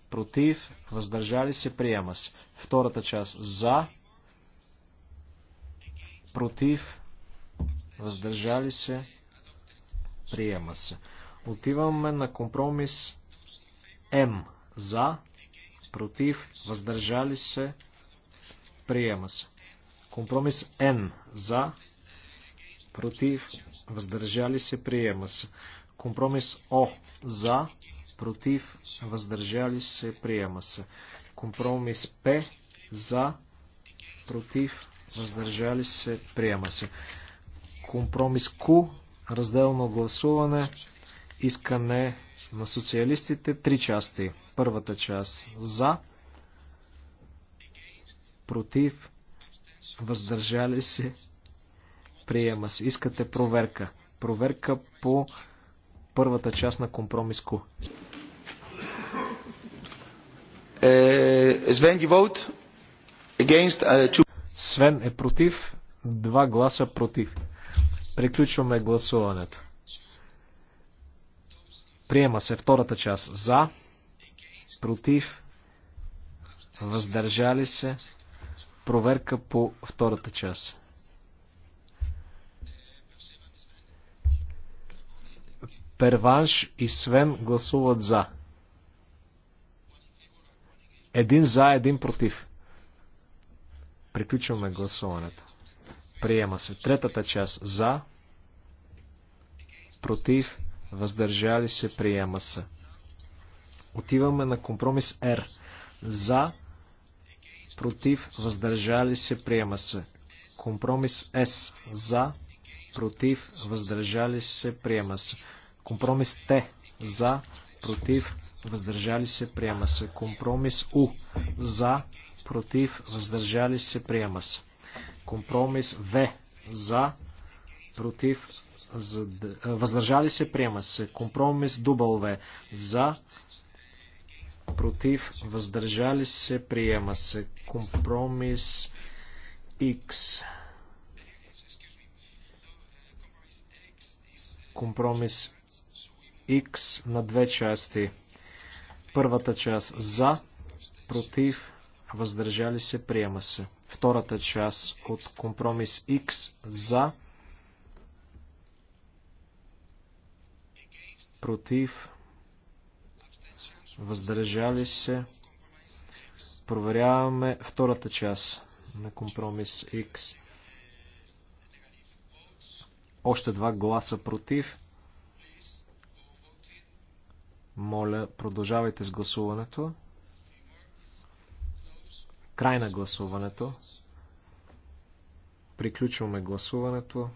против, въздържали се, приема се. Втората част за, против, въздържали се, приема се. Отиваме на компромис М. За, против, въздържали се, приема се. Компромис Н. За, против, въздържали се, приема се. Компромис О. За, против, въздържали се, приема се. Компромис П. За, против, въздържали се, приема се. Компромис Q. Разделно гласуване. Искане на социалистите. Три части. Първата част за, против, въздържали се, приема се. Искате проверка. Проверка по първата част на компромис е, е, Свен е против, два гласа против. Приключваме гласуването. Приема се втората част за, против, въздържали се. Проверка по втората част. Перванш и Свен гласуват за. Един за, един против. Приключваме гласуването. Приема се. Третата част за, против, въздържали се, приема се. Отиваме на компромис R. За, против, въздържали се, приема се. Компромис С. За, против, въздържали се, приема се. Компромис Т. За, против, въздържали се, приема се. Компромис У. За, против, въздържали се, приема се. Компромис В. За, против, за, въздържали се, приема се. Компромис W за, против, въздържали се, приема се. Компромис X. Компромис X на две части. Първата част за, против, въздържали се, приема се. Втората част от компромис X за, против, въздържали се. Проверяваме втората част на компромис X. Още два гласа против. Моля, продължавайте с гласуването. Край на гласуването. Приключваме гласуването.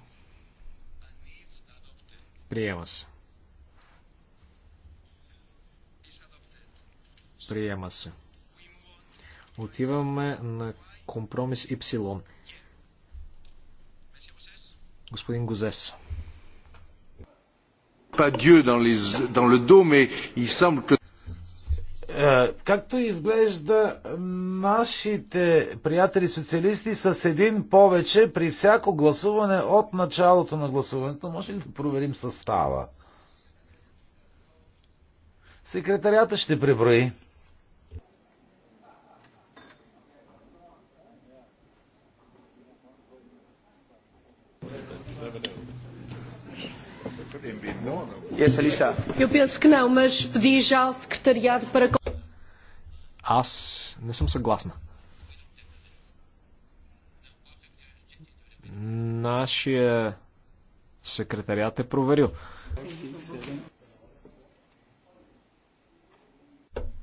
Приема се. Приема се. Отиваме на компромис Y. Господин Гозес. Е, както изглежда, нашите приятели социалисти с един повече при всяко гласуване от началото на гласуването. Може ли да проверим състава? Секретарията ще преброи. Yes, Elisa. Eu penso que não, mas pedi já ao secretariado para... Аз не съм съгласна. Нашия секретарят е проверил.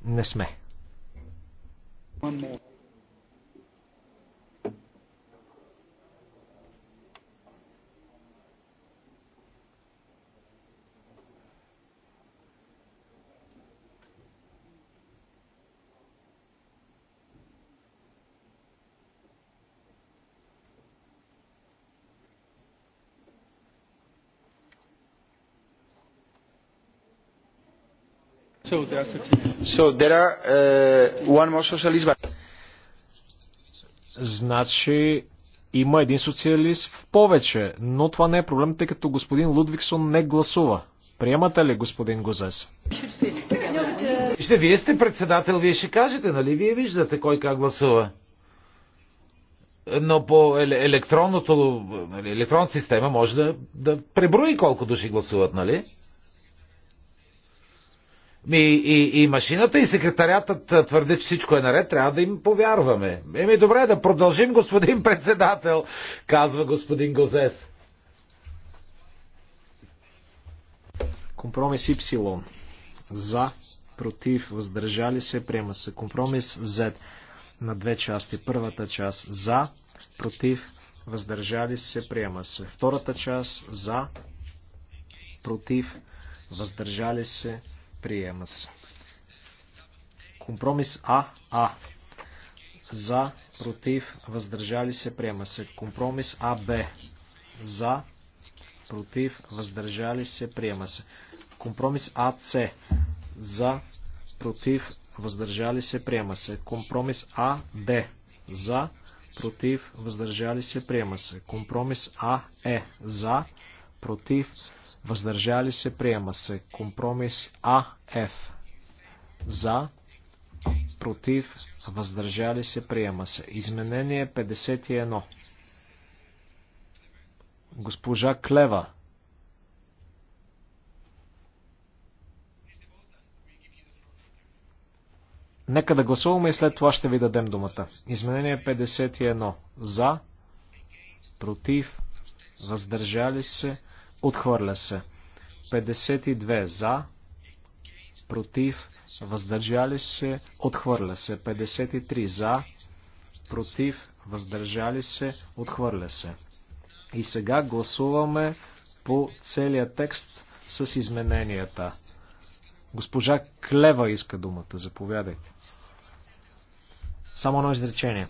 Не сме. One more. Uh, значи има един социалист в повече, но това не е проблем, тъй като господин Лудвиксон не гласува. Приемате ли, господин Гозес? Ще вие сте председател, вие ще кажете, нали? Вие виждате кой как гласува. Но по електронното, нали, електронната система може да, да преброи колко души гласуват, нали? Ми, и, и машината и секретарятът твърдят, че всичко е наред, трябва да им повярваме. Еми добре, да продължим, господин председател, казва господин Гозес. Компромис Ипсилон. За, против, въздържали се, приема се. Компромис Z на две части. Първата част за, против, въздържали се, приема се. Втората част за, против, въздържали се, приема се Приема се. Компромис А. За, против, въздържали се, приема се. Компромис АБ. За, против, въздържали се, приема се. Компромис А С. За, против, въздържали се, приема се. Компромис А Б. За, против, въздържали се, приема се. Компромис А Е. За, против, въздържали се, приема се. Компромис АФ за, против, въздържали се, приема се. Изменение 51. Госпожа Клева. Нека да гласуваме и след това ще ви дадем думата. Изменение 51. За, против, въздържали се, Отхвърля се. 52 за, против, въздържали се, отхвърля се. 53 за, против, въздържали се, отхвърля се. И сега гласуваме по целия текст с измененията. Госпожа Клева иска думата. Заповядайте. Само едно изречение.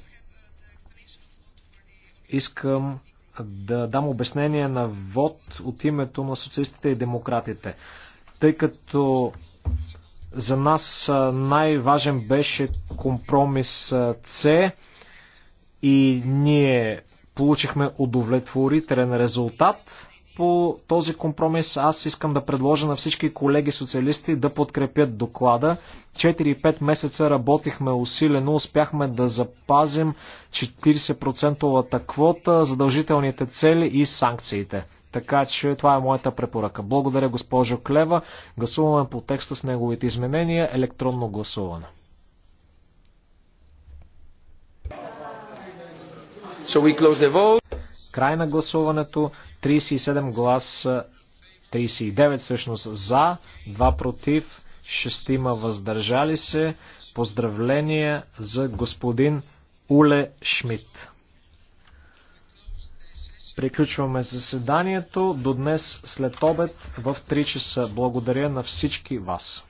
Искам да дам обяснение на ВОД от името на социалистите и демократите, тъй като за нас най-важен беше компромис С и ние получихме удовлетворителен резултат по този компромис. Аз искам да предложа на всички колеги социалисти да подкрепят доклада. 4-5 месеца работихме усилено, успяхме да запазим 40 квота, задължителните цели и санкциите. Така че това е моята препоръка. Благодаря госпожо Клева. Гласуваме по текста с неговите изменения. Електронно гласуване. So we close the vote. Край на гласуването 37 гласа, 39 всъщност за, 2 против, 6 въздържали се. Поздравления за господин Уле Шмидт. Приключваме заседанието до днес след обед в 3 часа. Благодаря на всички вас.